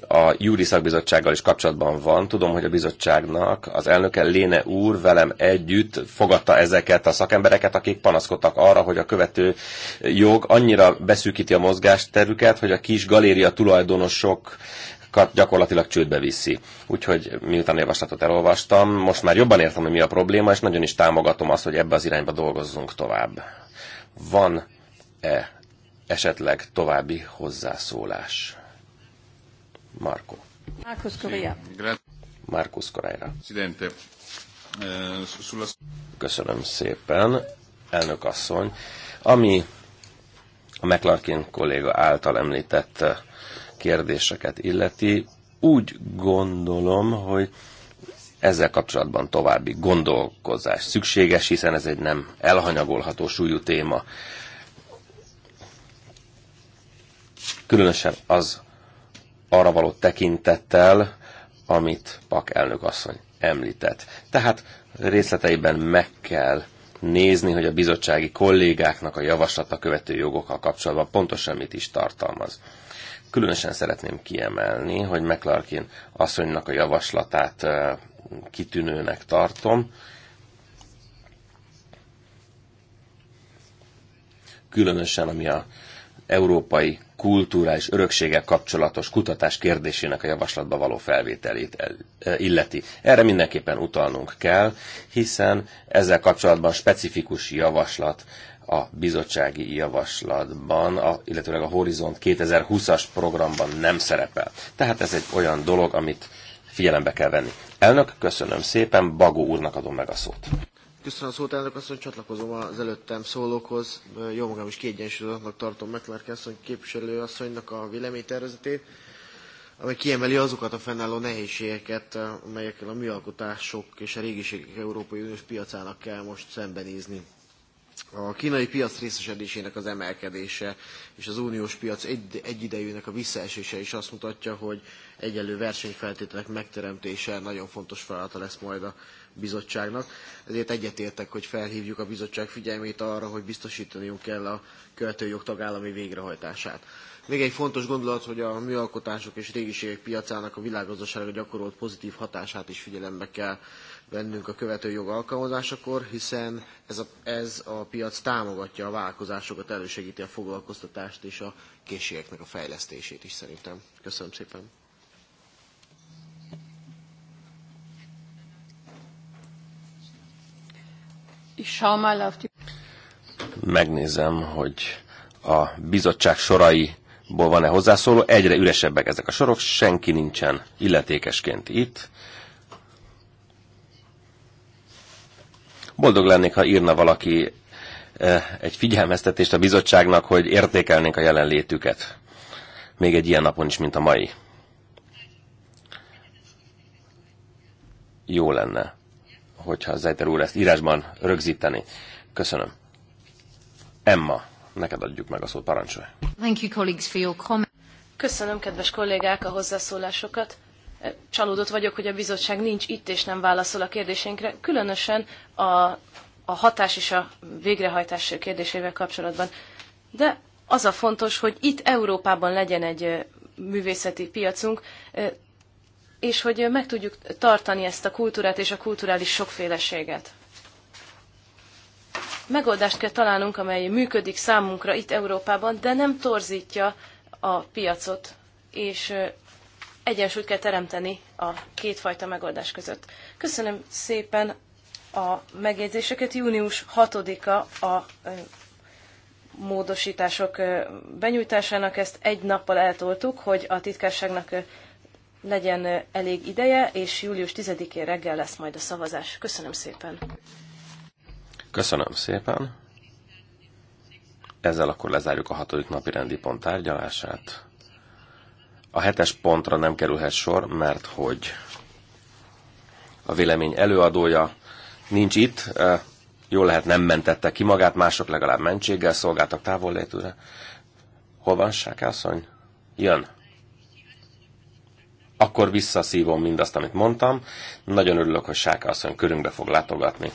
a Júri Szakbizottsággal is kapcsolatban van. Tudom, hogy a bizottságnak az elnöke Léne úr velem együtt fogadta ezeket a szakembereket, akik panaszkodtak arra, hogy a követő jog annyira beszűkíti a mozgásterüket, hogy a kis galéria tulajdonosok gyakorlatilag csődbe viszi. Úgyhogy miután javaslatot elolvastam, most már jobban értem, hogy mi a probléma, és nagyon is támogatom azt, hogy ebbe az irányba dolgozzunk tovább. Van-e esetleg további hozzászólás? Marco. Markus Correa. Markus Correa. Eh, Köszönöm szépen, elnök asszony. Ami a McLarkin kolléga által említett eh, kérdéseket illeti, úgy gondolom, hogy ezzel kapcsolatban további gondolkozás szükséges, hiszen ez egy nem elhanyagolható súlyú téma. Különösen az arra való tekintettel, amit Pak elnök asszony említett. Tehát részleteiben meg kell nézni, hogy a bizottsági kollégáknak a javaslata követő jogokkal kapcsolatban pontosan mit is tartalmaz. Különösen szeretném kiemelni, hogy McClarkin asszonynak a javaslatát kitűnőnek tartom. Különösen ami a európai kulturális örökséggel kapcsolatos kutatás kérdésének a javaslatba való felvételét illeti. Erre mindenképpen utalnunk kell, hiszen ezzel kapcsolatban specifikus javaslat a bizottsági javaslatban, a, illetőleg a Horizont 2020-as programban nem szerepel. Tehát ez egy olyan dolog, amit figyelembe kell venni. Elnök, köszönöm szépen, Bagó úrnak adom meg a szót. Köszönöm a szót, elnök asszony, csatlakozom az előttem szólókhoz. Jó magam is kiegyensúlyozatnak tartom mert asszony képviselő asszonynak a véleménytervezetét, amely kiemeli azokat a fennálló nehézségeket, amelyekkel a műalkotások és a régiségek Európai Uniós piacának kell most szembenézni a kínai piac részesedésének az emelkedése és az uniós piac egy, egyidejűnek a visszaesése is azt mutatja, hogy egyenlő versenyfeltételek megteremtése nagyon fontos feladata lesz majd a bizottságnak. Ezért egyetértek, hogy felhívjuk a bizottság figyelmét arra, hogy biztosítaniunk kell a követőjog tagállami végrehajtását. Még egy fontos gondolat, hogy a műalkotások és régiségek piacának a világgazdaságra gyakorolt pozitív hatását is figyelembe kell bennünk a követő jog alkalmazásakor, hiszen ez a, ez a piac támogatja a vállalkozásokat, elősegíti a foglalkoztatást és a készségeknek a fejlesztését is szerintem. Köszönöm szépen! Megnézem, hogy a bizottság sorai Ból van-e hozzászóló. Egyre üresebbek ezek a sorok, senki nincsen illetékesként itt. Boldog lennék, ha írna valaki eh, egy figyelmeztetést a bizottságnak, hogy értékelnénk a jelenlétüket. Még egy ilyen napon is, mint a mai. Jó lenne, hogyha Zajter úr ezt írásban rögzíteni. Köszönöm. Emma, neked adjuk meg a szót, parancsolj. Thank you, colleagues, for your comment. Köszönöm, kedves kollégák, a hozzászólásokat csalódott vagyok, hogy a bizottság nincs itt és nem válaszol a kérdéseinkre, különösen a, a hatás és a végrehajtás kérdésével kapcsolatban. De az a fontos, hogy itt Európában legyen egy művészeti piacunk, és hogy meg tudjuk tartani ezt a kultúrát és a kulturális sokféleséget. Megoldást kell találnunk, amely működik számunkra itt Európában, de nem torzítja a piacot, és egyensúlyt kell teremteni a kétfajta megoldás között. Köszönöm szépen a megjegyzéseket. Június 6-a a módosítások benyújtásának. Ezt egy nappal eltoltuk, hogy a titkárságnak legyen elég ideje, és július 10-én reggel lesz majd a szavazás. Köszönöm szépen! Köszönöm szépen! Ezzel akkor lezárjuk a hatodik napi rendi pont tárgyalását. A hetes pontra nem kerülhet sor, mert hogy a vélemény előadója nincs itt, jól lehet nem mentette ki magát, mások legalább mentséggel szolgáltak távol létőre. Hol van Sákászony? Jön. Akkor visszaszívom mindazt, amit mondtam. Nagyon örülök, hogy Sákászony körünkbe fog látogatni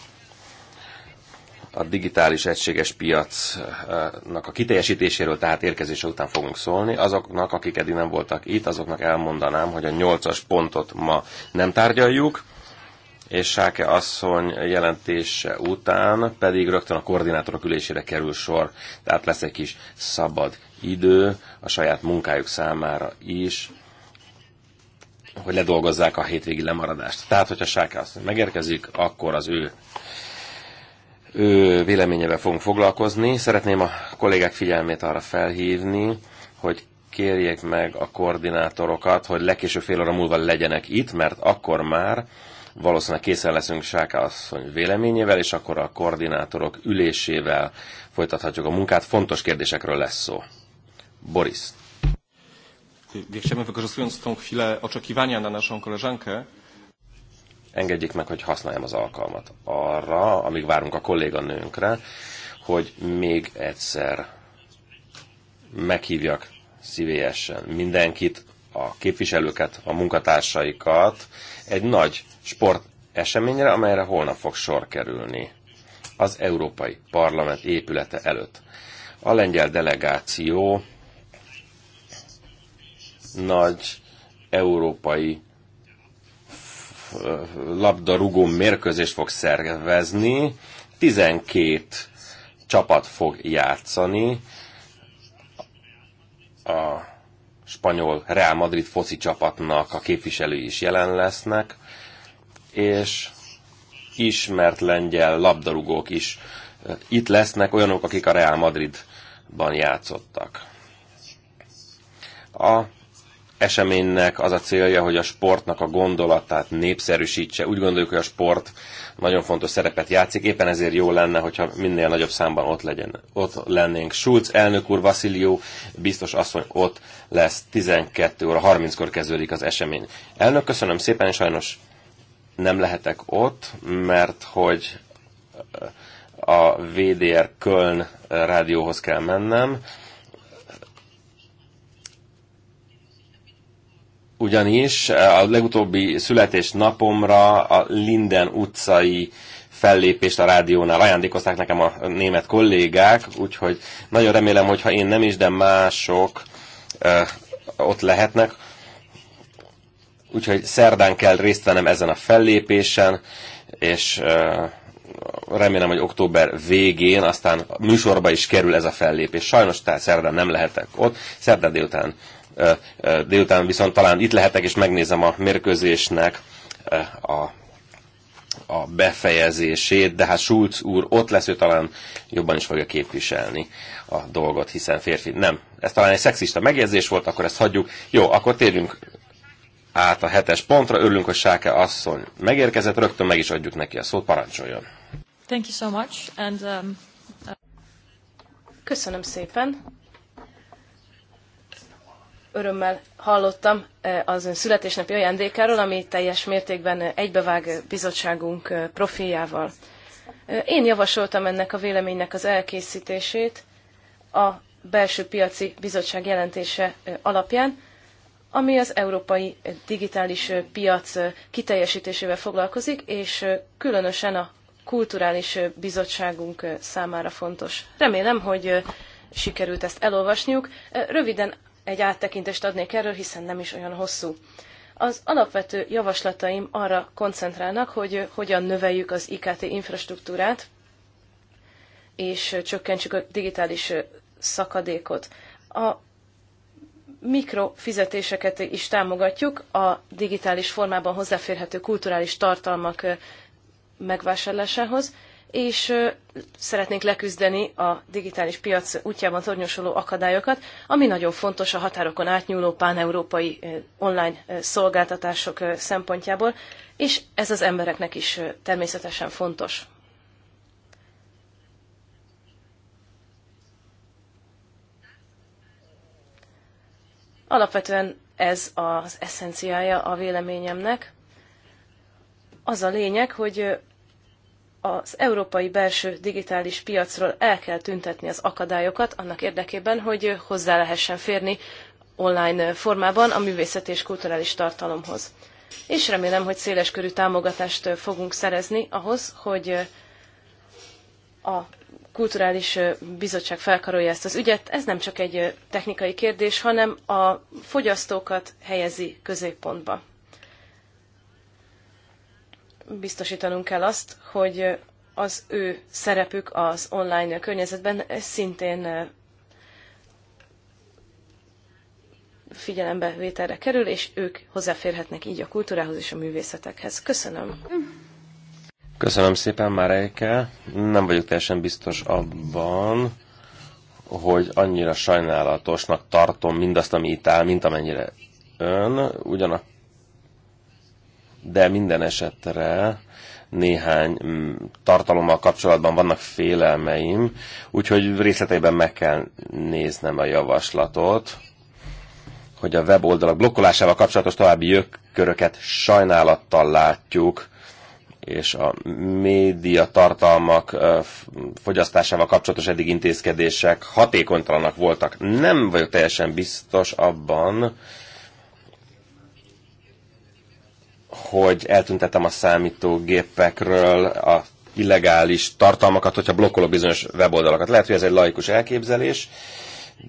a digitális egységes piacnak a kiteljesítéséről, tehát érkezése után fogunk szólni. Azoknak, akik eddig nem voltak itt, azoknak elmondanám, hogy a nyolcas pontot ma nem tárgyaljuk, és Sáke asszony jelentése után pedig rögtön a koordinátorok ülésére kerül sor, tehát lesz egy kis szabad idő a saját munkájuk számára is, hogy ledolgozzák a hétvégi lemaradást. Tehát, hogyha Sáke asszony megérkezik, akkor az ő ő véleményevel fogunk foglalkozni. Szeretném a kollégák figyelmét arra felhívni, hogy kérjék meg a koordinátorokat, hogy legkésőbb fél óra múlva legyenek itt, mert akkor már valószínűleg készen leszünk Sáka asszony véleményével, és akkor a koordinátorok ülésével folytathatjuk a munkát. Fontos kérdésekről lesz szó. Boris. Chciałbym, wykorzystując tą chwilę oczekiwania na naszą koleżankę, engedjék meg, hogy használjam az alkalmat arra, amíg várunk a kolléganőnkre, hogy még egyszer meghívjak szívélyesen mindenkit, a képviselőket, a munkatársaikat egy nagy sport eseményre, amelyre holnap fog sor kerülni az Európai Parlament épülete előtt. A lengyel delegáció nagy európai labdarúgó mérkőzést fog szervezni, 12 csapat fog játszani, a spanyol Real Madrid foci csapatnak a képviselői is jelen lesznek, és ismert lengyel labdarúgók is itt lesznek, olyanok, akik a Real Madridban játszottak. A eseménynek az a célja, hogy a sportnak a gondolatát népszerűsítse. Úgy gondoljuk, hogy a sport nagyon fontos szerepet játszik, éppen ezért jó lenne, hogyha minél nagyobb számban ott, legyen, ott lennénk. Schulz elnök úr, Vasilió biztos asszony ott lesz 12 óra 30-kor kezdődik az esemény. Elnök, köszönöm szépen, sajnos nem lehetek ott, mert hogy a VDR Köln rádióhoz kell mennem. ugyanis eh, a legutóbbi születésnapomra a Linden utcai fellépést a rádiónál ajándékozták nekem a német kollégák, úgyhogy nagyon remélem, hogy ha én nem is, de mások ö, eh, ott lehetnek. Úgyhogy szerdán kell részt vennem ezen a fellépésen, és ö, eh, remélem, hogy október végén aztán műsorba is kerül ez a fellépés. Sajnos tehát szerdán nem lehetek ott, szerdán délután délután viszont talán itt lehetek, és megnézem a mérkőzésnek a, a befejezését, de hát Schulz úr ott lesz, ő talán jobban is fogja képviselni a dolgot, hiszen férfi. Nem, ez talán egy szexista megjegyzés volt, akkor ezt hagyjuk. Jó, akkor térjünk át a hetes pontra. Örülünk, hogy Sáke asszony megérkezett, rögtön meg is adjuk neki a szót, parancsoljon. Thank you so much, and, um, uh, Köszönöm szépen örömmel hallottam eh, az ön születésnapi ajándékáról, ami teljes mértékben egybevág bizottságunk eh, profiljával. Eh, én javasoltam ennek a véleménynek az elkészítését a belső piaci bizottság jelentése alapján, ami az európai digitális piac kiteljesítésével foglalkozik, és különösen a kulturális bizottságunk számára fontos. Remélem, hogy sikerült ezt elolvasniuk. Röviden egy áttekintést adnék erről, hiszen nem is olyan hosszú. Az alapvető javaslataim arra koncentrálnak, hogy hogyan növeljük az IKT infrastruktúrát, és csökkentsük a digitális szakadékot. A mikrofizetéseket is támogatjuk, a digitális formában hozzáférhető kulturális tartalmak megvásárlásához, és szeretnénk leküzdeni a digitális piac útjában tornyosuló akadályokat, ami nagyon fontos a határokon átnyúló páneurópai online szolgáltatások szempontjából, és ez az embereknek is természetesen fontos. Alapvetően ez az eszenciája a véleményemnek. Az a lényeg, hogy az európai belső digitális piacról el kell tüntetni az akadályokat annak érdekében, hogy hozzá lehessen férni online formában a művészeti és kulturális tartalomhoz. És remélem, hogy körű támogatást fogunk szerezni ahhoz, hogy a kulturális bizottság felkarolja ezt az ügyet. Ez nem csak egy technikai kérdés, hanem a fogyasztókat helyezi középpontba biztosítanunk kell azt, hogy az ő szerepük az online környezetben szintén figyelembevételre kerül, és ők hozzáférhetnek így a kultúrához és a művészetekhez. Köszönöm. Köszönöm szépen, Márejke. Nem vagyok teljesen biztos abban, hogy annyira sajnálatosnak tartom mindazt, ami itt áll, mint amennyire ön. Ugyanakkor de minden esetre néhány mm, tartalommal kapcsolatban vannak félelmeim, úgyhogy részleteiben meg kell néznem a javaslatot, hogy a weboldalak blokkolásával kapcsolatos további jökköröket sajnálattal látjuk, és a média tartalmak fogyasztásával kapcsolatos eddig intézkedések hatékonytalanak voltak. Nem vagyok teljesen biztos abban, hogy eltüntetem a számítógépekről a illegális tartalmakat, hogyha blokkolok bizonyos weboldalakat. Lehet, hogy ez egy laikus elképzelés,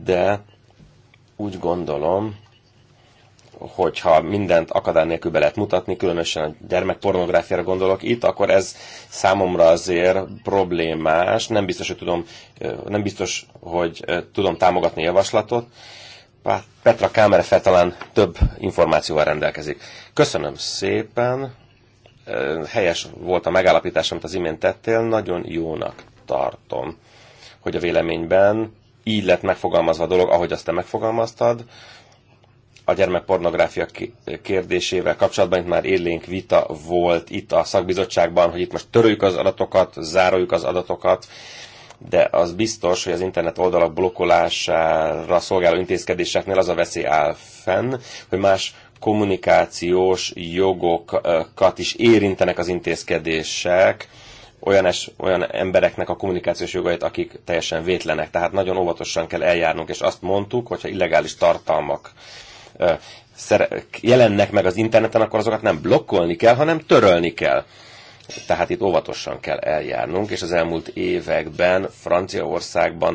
de úgy gondolom, hogyha mindent akadály nélkül be lehet mutatni, különösen a gyermekpornográfiára gondolok itt, akkor ez számomra azért problémás. Nem biztos, hogy tudom, nem biztos, hogy tudom támogatni a javaslatot, Petra Kámerefe talán több információval rendelkezik. Köszönöm szépen. Helyes volt a megállapítás, amit az imént tettél. Nagyon jónak tartom, hogy a véleményben így lett megfogalmazva a dolog, ahogy azt te megfogalmaztad. A gyermekpornográfia kérdésével kapcsolatban itt már élénk vita volt itt a szakbizottságban, hogy itt most törőjük az adatokat, zároljuk az adatokat, de az biztos, hogy az internet oldalak blokkolására szolgáló intézkedéseknél az a veszély áll fenn, hogy más kommunikációs jogokat is érintenek az intézkedések, olyan, es, olyan embereknek a kommunikációs jogait, akik teljesen vétlenek. Tehát nagyon óvatosan kell eljárnunk, és azt mondtuk, hogyha illegális tartalmak jelennek meg az interneten, akkor azokat nem blokkolni kell, hanem törölni kell. Tehát itt óvatosan kell eljárnunk, és az elmúlt években Franciaországban,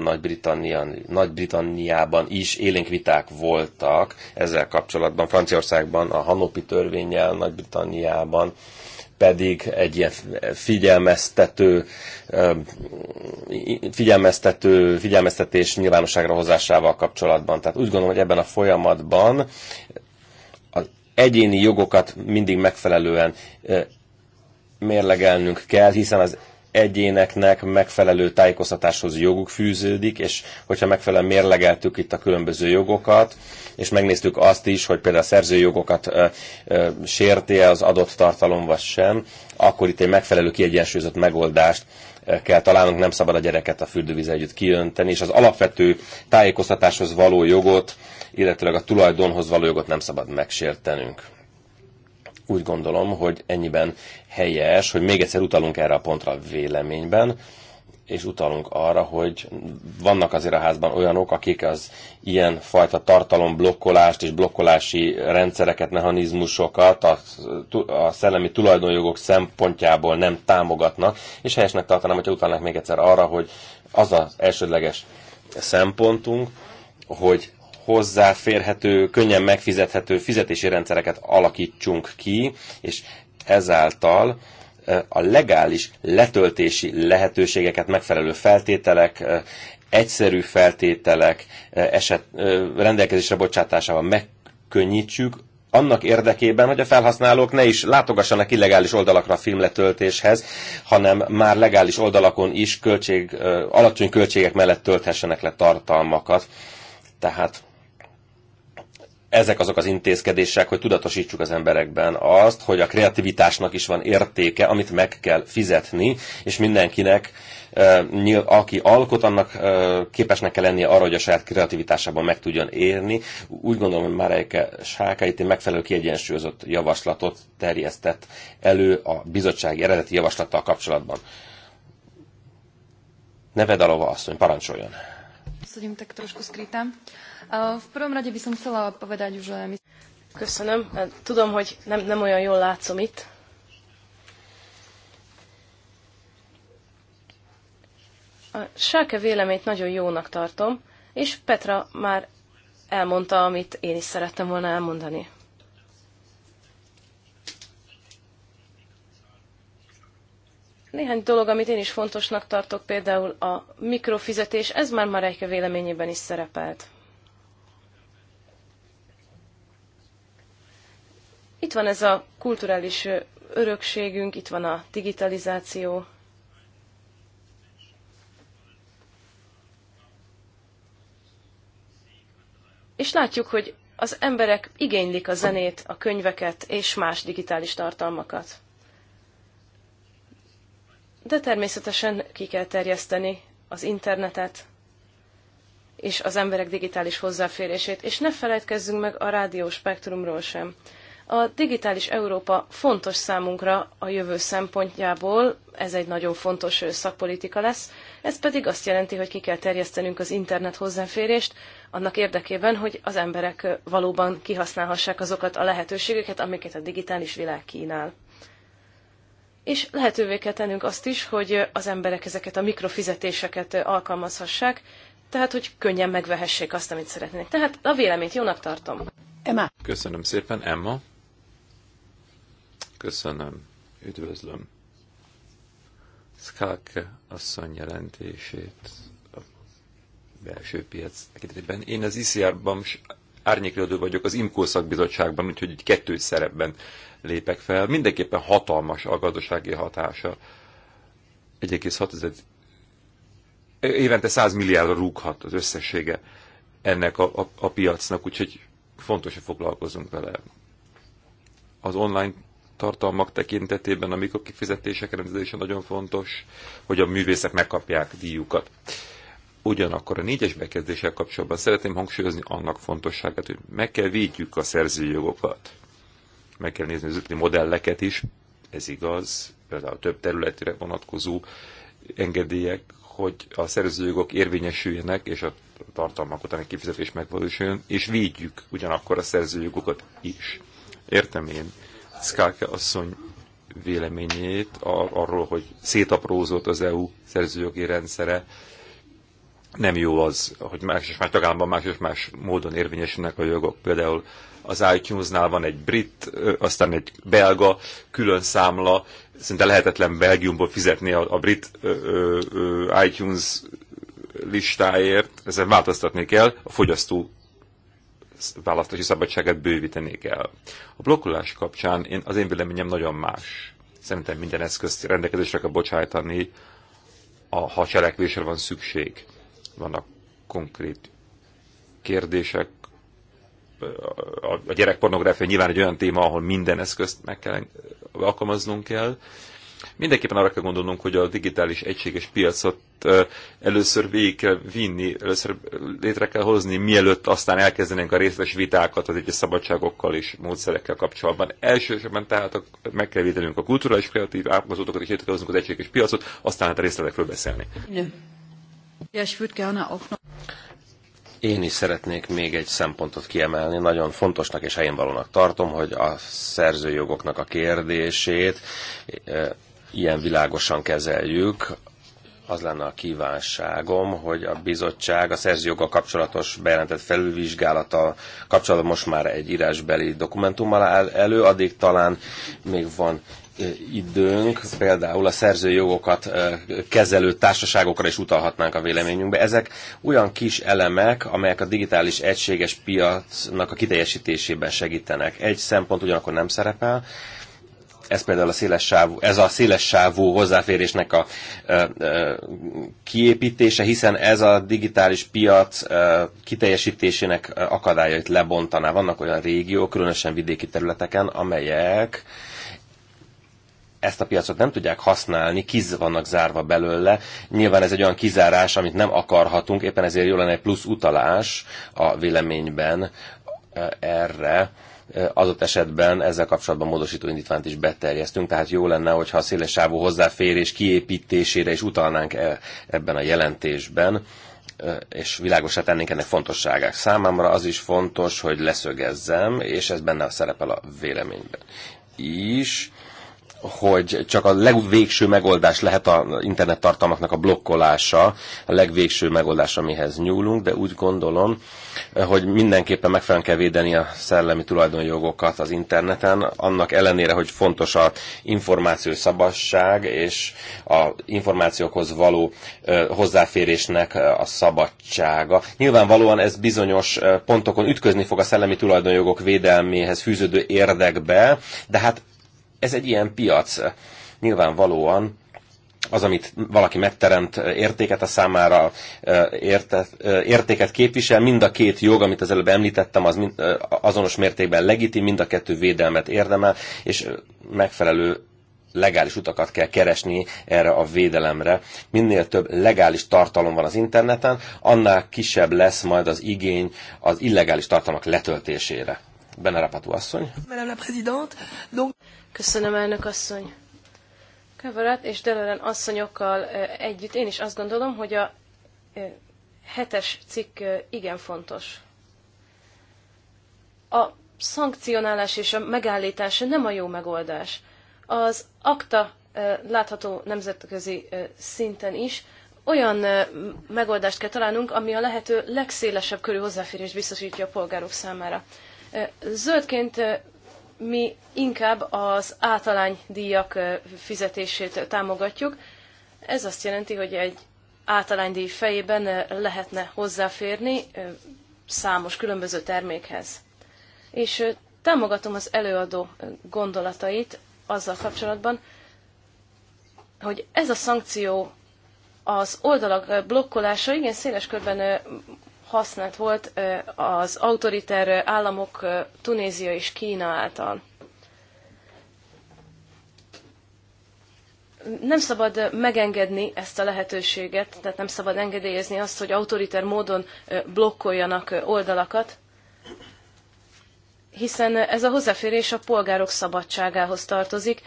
Nagy-Britanniában Nagy is élénk viták voltak ezzel kapcsolatban. Franciaországban a Hanopi törvényel, Nagy-Britanniában pedig egy ilyen figyelmeztető, figyelmeztető, figyelmeztetés nyilvánosságra hozásával kapcsolatban. Tehát úgy gondolom, hogy ebben a folyamatban az egyéni jogokat mindig megfelelően mérlegelnünk kell, hiszen az egyéneknek megfelelő tájékoztatáshoz joguk fűződik, és hogyha megfelelően mérlegeltük itt a különböző jogokat, és megnéztük azt is, hogy például a szerzőjogokat ö, ö, sérti az adott tartalom, vagy sem, akkor itt egy megfelelő kiegyensúlyozott megoldást kell találnunk, nem szabad a gyereket a fürdővíz együtt kiönteni, és az alapvető tájékoztatáshoz való jogot, illetőleg a tulajdonhoz való jogot nem szabad megsértenünk úgy gondolom, hogy ennyiben helyes, hogy még egyszer utalunk erre a pontra a véleményben, és utalunk arra, hogy vannak azért a házban olyanok, akik az ilyen fajta tartalom blokkolást és blokkolási rendszereket, mechanizmusokat a, a szellemi tulajdonjogok szempontjából nem támogatnak, és helyesnek tartanám, hogyha utalnak még egyszer arra, hogy az az elsődleges szempontunk, hogy hozzáférhető, könnyen megfizethető fizetési rendszereket alakítsunk ki, és ezáltal a legális letöltési lehetőségeket megfelelő feltételek, egyszerű feltételek eset, rendelkezésre bocsátásával megkönnyítsük, annak érdekében, hogy a felhasználók ne is látogassanak illegális oldalakra a filmletöltéshez, hanem már legális oldalakon is költség, alacsony költségek mellett tölthessenek le tartalmakat. Tehát ezek azok az intézkedések, hogy tudatosítsuk az emberekben azt, hogy a kreativitásnak is van értéke, amit meg kell fizetni, és mindenkinek, aki alkot, annak képesnek kell lennie arra, hogy a saját kreativitásában meg tudjon érni. Úgy gondolom, hogy Márejke Sáka itt megfelelő kiegyensúlyozott javaslatot terjesztett elő a bizottsági eredeti javaslattal kapcsolatban. Nevedalova asszony, parancsoljon! Köszönjük, tak trošku skrytám. V prvom rade by som chcela povedať, že... Köszönöm. Tudom, hogy nem, nem olyan jól látszom itt. A Sáke véleményt nagyon jónak tartom, és Petra már elmondta, amit én is szerettem volna elmondani. Néhány dolog, amit én is fontosnak tartok, például a mikrofizetés, ez már Marejke véleményében is szerepelt. Itt van ez a kulturális örökségünk, itt van a digitalizáció. És látjuk, hogy az emberek igénylik a zenét, a könyveket és más digitális tartalmakat. De természetesen ki kell terjeszteni az internetet és az emberek digitális hozzáférését, és ne feledkezzünk meg a rádió spektrumról sem. A digitális Európa fontos számunkra a jövő szempontjából, ez egy nagyon fontos szakpolitika lesz, ez pedig azt jelenti, hogy ki kell terjesztenünk az internet hozzáférést, annak érdekében, hogy az emberek valóban kihasználhassák azokat a lehetőségeket, amiket a digitális világ kínál. És lehetővé kell tennünk azt is, hogy az emberek ezeket a mikrofizetéseket alkalmazhassák, tehát hogy könnyen megvehessék azt, amit szeretnének. Tehát a véleményt jónak tartom. Emma. Köszönöm szépen, Emma. Köszönöm. Üdvözlöm. Skalke asszony jelentését a belső piac tekintetében. Én az ICR-ban árnyékelődő vagyok az IMCO szakbizottságban, úgyhogy egy kettős szerepben lépek fel. Mindenképpen hatalmas a gazdasági hatása. 1,6 évente 100 milliárdra rúghat az összessége ennek a, a, a piacnak, úgyhogy fontos, hogy foglalkozunk vele. Az online tartalmak tekintetében a mikrokifizetések rendezése nagyon fontos, hogy a művészek megkapják díjukat. Ugyanakkor a négyes bekezdéssel kapcsolatban szeretném hangsúlyozni annak fontosságát, hogy meg kell védjük a jogokat. Meg kell nézni az ötli modelleket is, ez igaz, például a több területre vonatkozó engedélyek, hogy a jogok érvényesüljenek, és a tartalmak utáni kifizetés megvalósuljon, és védjük ugyanakkor a jogokat is. Értem én, Skáke asszony véleményét arról, hogy szétaprózott az EU szerzőjogi rendszere. Nem jó az, hogy más és más tagállamban más és más módon érvényesülnek a jogok. Például az iTunes-nál van egy brit, aztán egy belga külön számla, szinte lehetetlen Belgiumból fizetni a, a brit ö, ö, iTunes listáért, ezen változtatni kell, a fogyasztó választási szabadságát bővíteni kell. A blokkolás kapcsán én, az én véleményem nagyon más. Szerintem minden eszközt rendelkezésre kell bocsájtani, a, ha cselekvésre van szükség. Vannak konkrét kérdések, a gyerekpornográfia nyilván egy olyan téma, ahol minden eszközt meg kell, alkalmaznunk kell, Mindenképpen arra kell gondolnunk, hogy a digitális egységes piacot először végig kell vinni, először létre kell hozni, mielőtt aztán elkezdenénk a részletes vitákat az egyes szabadságokkal és módszerekkel kapcsolatban. Elsősorban tehát meg kell védenünk a kulturális kreatív ágazatokat, és létre kell hoznunk az egységes piacot, aztán hát a részletekről beszélni. Én is szeretnék még egy szempontot kiemelni. Nagyon fontosnak és helyénvalónak tartom, hogy a szerzőjogoknak a kérdését ilyen világosan kezeljük, az lenne a kívánságom, hogy a bizottság a szerzőjoga kapcsolatos bejelentett felülvizsgálata kapcsolatban most már egy írásbeli dokumentummal áll elő, addig talán még van időnk, például a szerzőjogokat kezelő társaságokra is utalhatnánk a véleményünkbe. Ezek olyan kis elemek, amelyek a digitális egységes piacnak a kiteljesítésében segítenek. Egy szempont ugyanakkor nem szerepel, ez például a széles sávú, ez a széles sávú hozzáférésnek a ö, ö, kiépítése, hiszen ez a digitális piac ö, kiteljesítésének akadályait lebontaná. Vannak olyan régiók, különösen vidéki területeken, amelyek ezt a piacot nem tudják használni, kiz vannak zárva belőle. Nyilván ez egy olyan kizárás, amit nem akarhatunk, éppen ezért jó lenne egy plusz utalás a véleményben erre, adott esetben ezzel kapcsolatban módosító indítványt is beterjesztünk, tehát jó lenne, hogyha a széles sávú hozzáférés kiépítésére is utalnánk -e ebben a jelentésben és világosra tennénk ennek fontosságát. Számomra az is fontos, hogy leszögezzem, és ez benne szerepel a véleményben is, hogy csak a legvégső megoldás lehet a internet tartalmaknak a blokkolása, a legvégső megoldás, amihez nyúlunk, de úgy gondolom, hogy mindenképpen megfelelően kell védeni a szellemi tulajdonjogokat az interneten, annak ellenére, hogy fontos a információ szabadság és a információkhoz való hozzáférésnek a szabadsága. Nyilvánvalóan ez bizonyos pontokon ütközni fog a szellemi tulajdonjogok védelméhez fűződő érdekbe, de hát ez egy ilyen piac. Nyilvánvalóan az, amit valaki megteremt eh, értéket a számára, eh, érte, eh, értéket képvisel, mind a két jog, amit az előbb említettem, az mind, azonos mértékben legitim, mind a kettő védelmet érdemel, és megfelelő legális utakat kell keresni erre a védelemre. Minél több legális tartalom van az interneten, annál kisebb lesz majd az igény az illegális tartalmak letöltésére. Benne Rapatú asszony. Madame la Présidente, donc... Köszönöm, elnök asszony. Kavarat és Delelen asszonyokkal együtt én is azt gondolom, hogy a hetes cikk igen fontos. A szankcionálás és a megállítás nem a jó megoldás. Az akta látható nemzetközi szinten is olyan megoldást kell találnunk, ami a lehető legszélesebb körű hozzáférést biztosítja a polgárok számára. Zöldként mi inkább az általány díjak fizetését támogatjuk. Ez azt jelenti, hogy egy általánydíj fejében lehetne hozzáférni számos különböző termékhez. És támogatom az előadó gondolatait azzal kapcsolatban, hogy ez a szankció az oldalak blokkolása igen széles körben használt volt az autoriter államok Tunézia és Kína által. nem szabad megengedni ezt a lehetőséget, tehát nem szabad engedélyezni azt, hogy autoriter módon blokkoljanak oldalakat, hiszen ez a hozzáférés a polgárok szabadságához tartozik,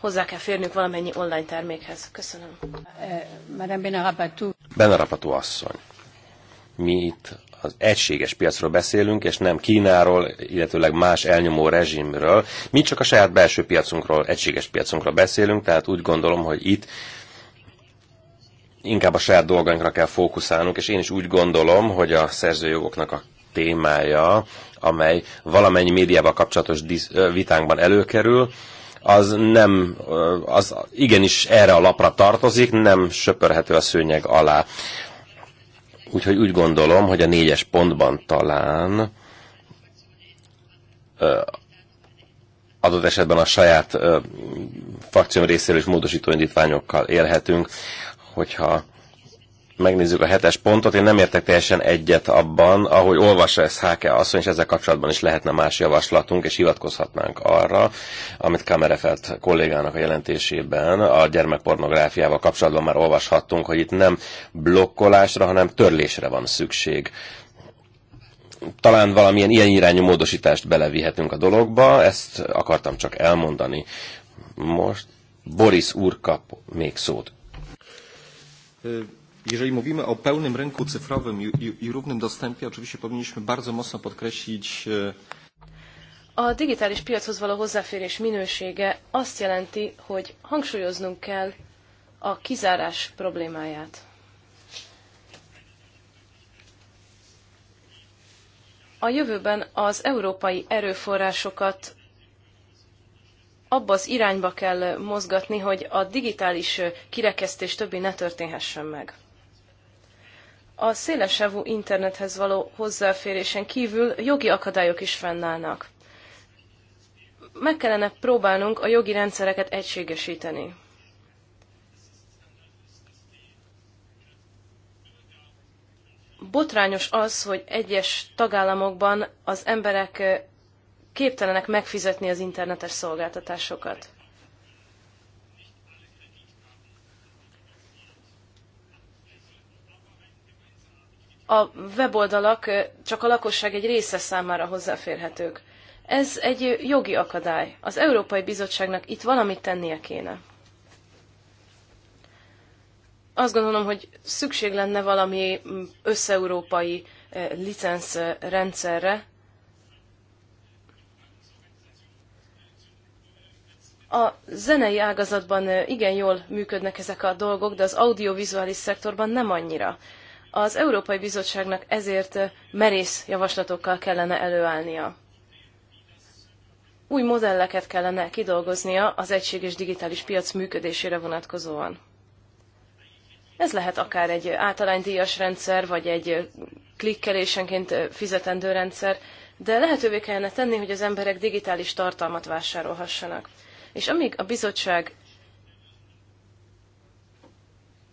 hozzá kell férnünk valamennyi online termékhez. Köszönöm. Eh, Benarapatú asszony mi itt az egységes piacról beszélünk, és nem Kínáról, illetőleg más elnyomó rezsimről. Mi csak a saját belső piacunkról, egységes piacunkról beszélünk, tehát úgy gondolom, hogy itt inkább a saját dolgainkra kell fókuszálnunk, és én is úgy gondolom, hogy a szerzőjogoknak a témája, amely valamennyi médiával kapcsolatos vitánkban előkerül, az nem, az igenis erre a lapra tartozik, nem söpörhető a szőnyeg alá. Úgyhogy úgy gondolom, hogy a négyes pontban talán adott esetben a saját frakcióm részéről is módosító indítványokkal élhetünk, hogyha megnézzük a hetes pontot, én nem értek teljesen egyet abban, ahogy olvassa ezt Háke asszony, és ezzel kapcsolatban is lehetne más javaslatunk, és hivatkozhatnánk arra, amit Kamerefelt kollégának a jelentésében a gyermekpornográfiával kapcsolatban már olvashattunk, hogy itt nem blokkolásra, hanem törlésre van szükség talán valamilyen ilyen irányú módosítást belevihetünk a dologba, ezt akartam csak elmondani. Most Boris úr kap még szót. Jeżeli mówimy o pełnym rynku cyfrowym i, i, i równym dostępie, oczywiście powinniśmy bardzo mocno podkreślić. E, a digitális piachoz való hozzáférés minősége azt jelenti, hogy hangsúlyoznunk kell a kizárás problémáját. A jövőben az európai erőforrásokat abba az irányba kell mozgatni, hogy a digitális kirekesztés többé ne történhessen meg a szélesávú internethez való hozzáférésen kívül jogi akadályok is fennállnak. Meg kellene próbálnunk a jogi rendszereket egységesíteni. Botrányos az, hogy egyes tagállamokban az emberek képtelenek megfizetni az internetes szolgáltatásokat. a weboldalak csak a lakosság egy része számára hozzáférhetők. Ez egy jogi akadály. Az Európai Bizottságnak itt valamit tennie kéne. Azt gondolom, hogy szükség lenne valami mm, összeurópai licencrendszerre. A zenei ágazatban igen jól működnek ezek a dolgok, de az audiovizuális szektorban nem annyira. Az Európai Bizottságnak ezért eh, merész javaslatokkal kellene előállnia. Új modelleket kellene kidolgoznia az egységes digitális piac működésére vonatkozóan. Ez lehet akár egy általánydíjas rendszer, vagy egy eh, klikkelésenként eh, fizetendő rendszer, de lehetővé kellene tenni, hogy az emberek digitális tartalmat vásárolhassanak. És amíg a bizottság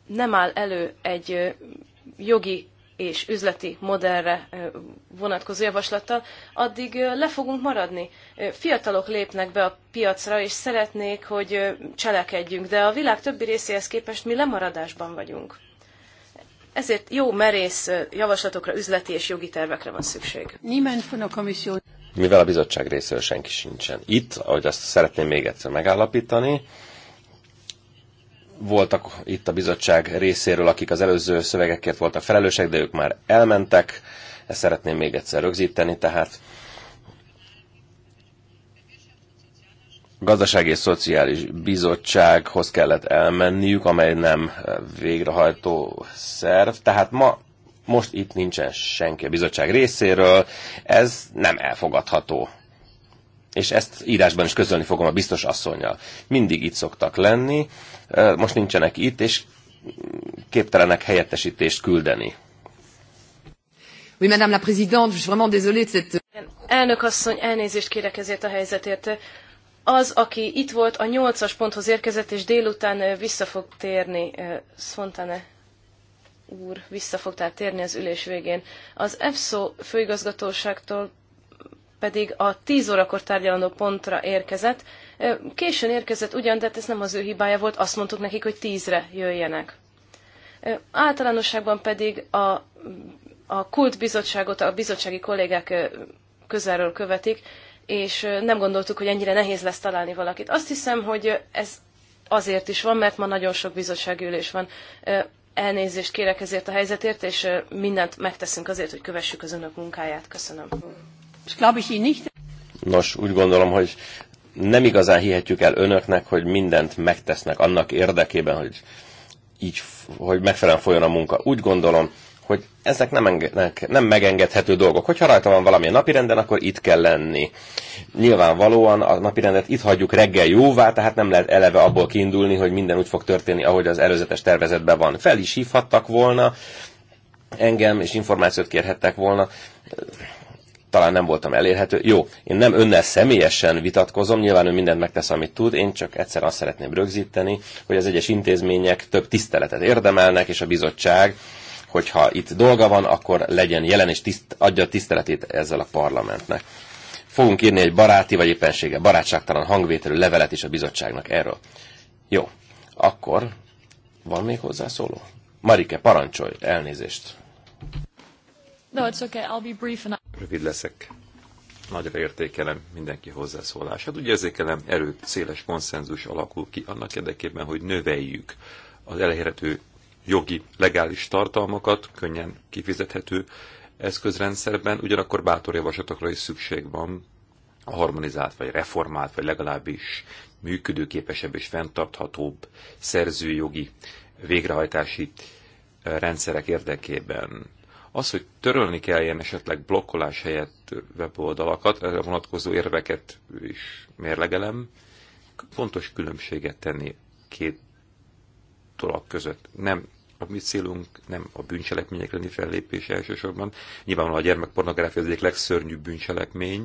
nem áll elő egy jogi és üzleti modellre vonatkozó javaslattal, addig le fogunk maradni. Fiatalok lépnek be a piacra, és szeretnék, hogy cselekedjünk, de a világ többi részéhez képest mi lemaradásban vagyunk. Ezért jó merész javaslatokra, üzleti és jogi tervekre van szükség. Mivel a bizottság részéről senki sincsen itt, ahogy azt szeretném még egyszer megállapítani, voltak itt a bizottság részéről, akik az előző szövegekért voltak felelősek, de ők már elmentek. Ezt szeretném még egyszer rögzíteni, tehát gazdasági és szociális bizottsághoz kellett elmenniük, amely nem végrehajtó szerv. Tehát ma most itt nincsen senki a bizottság részéről, ez nem elfogadható és ezt írásban is közölni fogom a biztos asszonynal. Mindig itt szoktak lenni, most nincsenek itt, és képtelenek helyettesítést küldeni. Oui, Madame la Présidente, je suis vraiment désolée de cette... Elnök asszony, elnézést kérek ezért a helyzetért. Az, aki itt volt, a nyolcas ponthoz érkezett, és délután vissza fog térni, Szontane úr, vissza fog tehát térni az ülés végén. Az EFSO főigazgatóságtól pedig a 10 órakor tárgyalandó pontra érkezett. Későn érkezett ugyan, de hát ez nem az ő hibája volt, azt mondtuk nekik, hogy 10-re jöjjenek. Általánosságban pedig a, a kult bizottságot a bizottsági kollégák közelről követik, és nem gondoltuk, hogy ennyire nehéz lesz találni valakit. Azt hiszem, hogy ez azért is van, mert ma nagyon sok bizottsági ülés van. Elnézést kérek ezért a helyzetért, és mindent megteszünk azért, hogy kövessük az önök munkáját. Köszönöm. Nos, úgy gondolom, hogy nem igazán hihetjük el önöknek, hogy mindent megtesznek annak érdekében, hogy így, hogy megfelelően folyjon a munka. Úgy gondolom, hogy ezek nem, engednek, nem megengedhető dolgok. Hogyha rajta van valami a napirenden, akkor itt kell lenni. Nyilvánvalóan a napirendet itt hagyjuk reggel jóvá, tehát nem lehet eleve abból kiindulni, hogy minden úgy fog történni, ahogy az előzetes tervezetben van. Fel is hívhattak volna engem, és információt kérhettek volna talán nem voltam elérhető. Jó, én nem önnel személyesen vitatkozom, nyilván ő mindent megtesz, amit tud, én csak egyszer azt szeretném rögzíteni, hogy az egyes intézmények több tiszteletet érdemelnek, és a bizottság, hogyha itt dolga van, akkor legyen jelen, és tiszt, adja a tiszteletét ezzel a parlamentnek. Fogunk írni egy baráti, vagy éppensége barátságtalan hangvételű levelet is a bizottságnak erről. Jó, akkor van még hozzászóló? Marike, parancsolj, elnézést. No, it's okay. I'll be brief and I... Rövid leszek. Nagyra értékelem mindenki hozzászólását. Úgy érzékelem, erőt, széles konszenzus alakul ki annak érdekében, hogy növeljük az elérhető jogi, legális tartalmakat, könnyen kifizethető eszközrendszerben, ugyanakkor bátor javaslatokra is szükség van a harmonizált, vagy reformált, vagy legalábbis működőképesebb és fenntarthatóbb szerzőjogi végrehajtási rendszerek érdekében. Az, hogy törölni kell ilyen esetleg blokkolás helyett weboldalakat, erre vonatkozó érveket is mérlegelem, fontos különbséget tenni két dolog között. Nem a mi célunk nem a bűncselekmények lenni fellépés elsősorban. Nyilvánvalóan a gyermekpornográfia az egyik legszörnyűbb bűncselekmény,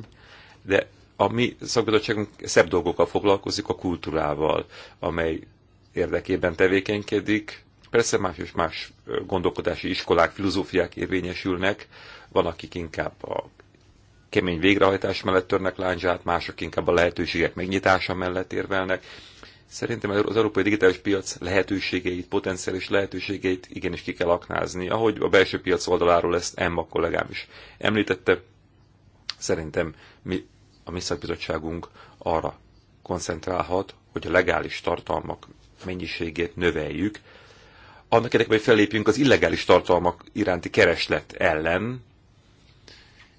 de a mi szakbizottságunk szebb dolgokkal foglalkozik, a kultúrával, amely érdekében tevékenykedik, Persze más és más gondolkodási iskolák, filozófiák érvényesülnek, van, akik inkább a kemény végrehajtás mellett törnek lányzsát, mások inkább a lehetőségek megnyitása mellett érvelnek. Szerintem az európai digitális piac lehetőségeit, potenciális lehetőségeit igenis ki kell aknázni. Ahogy a belső piac oldaláról ezt Emma kollégám is említette, szerintem mi, a mi szakbizottságunk arra koncentrálhat, hogy a legális tartalmak mennyiségét növeljük, annak érdekében, hogy fellépjünk az illegális tartalmak iránti kereslet ellen,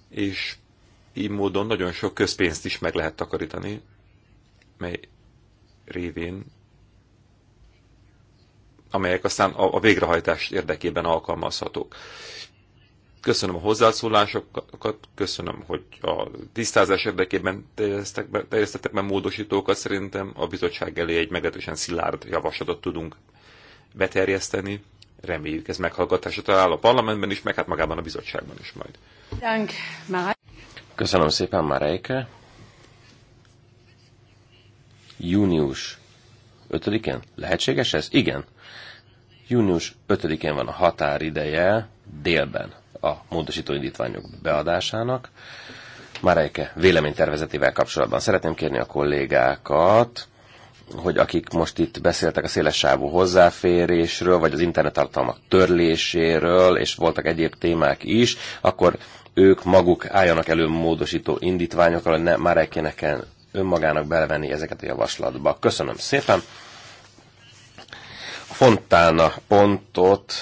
és így módon nagyon sok közpénzt is meg lehet takarítani, mely révén, amelyek aztán a, a végrehajtás érdekében alkalmazhatók. Köszönöm a hozzászólásokat, köszönöm, hogy a tisztázás érdekében terjesztettek be módosítókat. Szerintem a bizottság elé egy meglehetősen szilárd javaslatot tudunk beterjeszteni. Reméljük, ez meghallgatásra talál a parlamentben is, meg hát magában a bizottságban is majd. Köszönöm szépen, Marejke. Június 5-én? Lehetséges ez? Igen. Június 5-én van a határideje délben a módosító indítványok beadásának. Marejke véleménytervezetével kapcsolatban szeretném kérni a kollégákat, hogy akik most itt beszéltek a széles sávú hozzáférésről, vagy az internet tartalmak törléséről, és voltak egyéb témák is, akkor ők maguk álljanak elő módosító indítványokkal, hogy ne, már el kéne kell önmagának belevenni ezeket a javaslatba. Köszönöm szépen! A Fontána pontot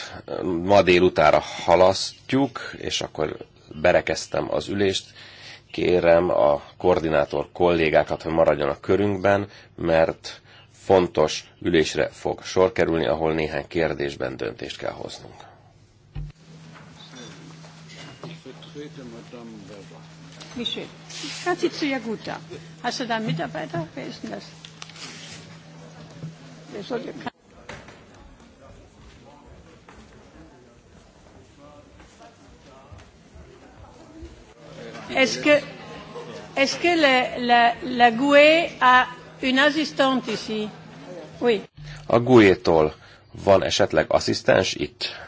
ma délutára halasztjuk, és akkor berekeztem az ülést kérem a koordinátor kollégákat, hogy maradjanak körünkben, mert fontos ülésre fog sor kerülni, ahol néhány kérdésben döntést kell hoznunk. Köszönöm. Est-ce que, est que la, la, la GUE a une assistante ici? Oui. A GUE-tól van esetleg asszisztens itt?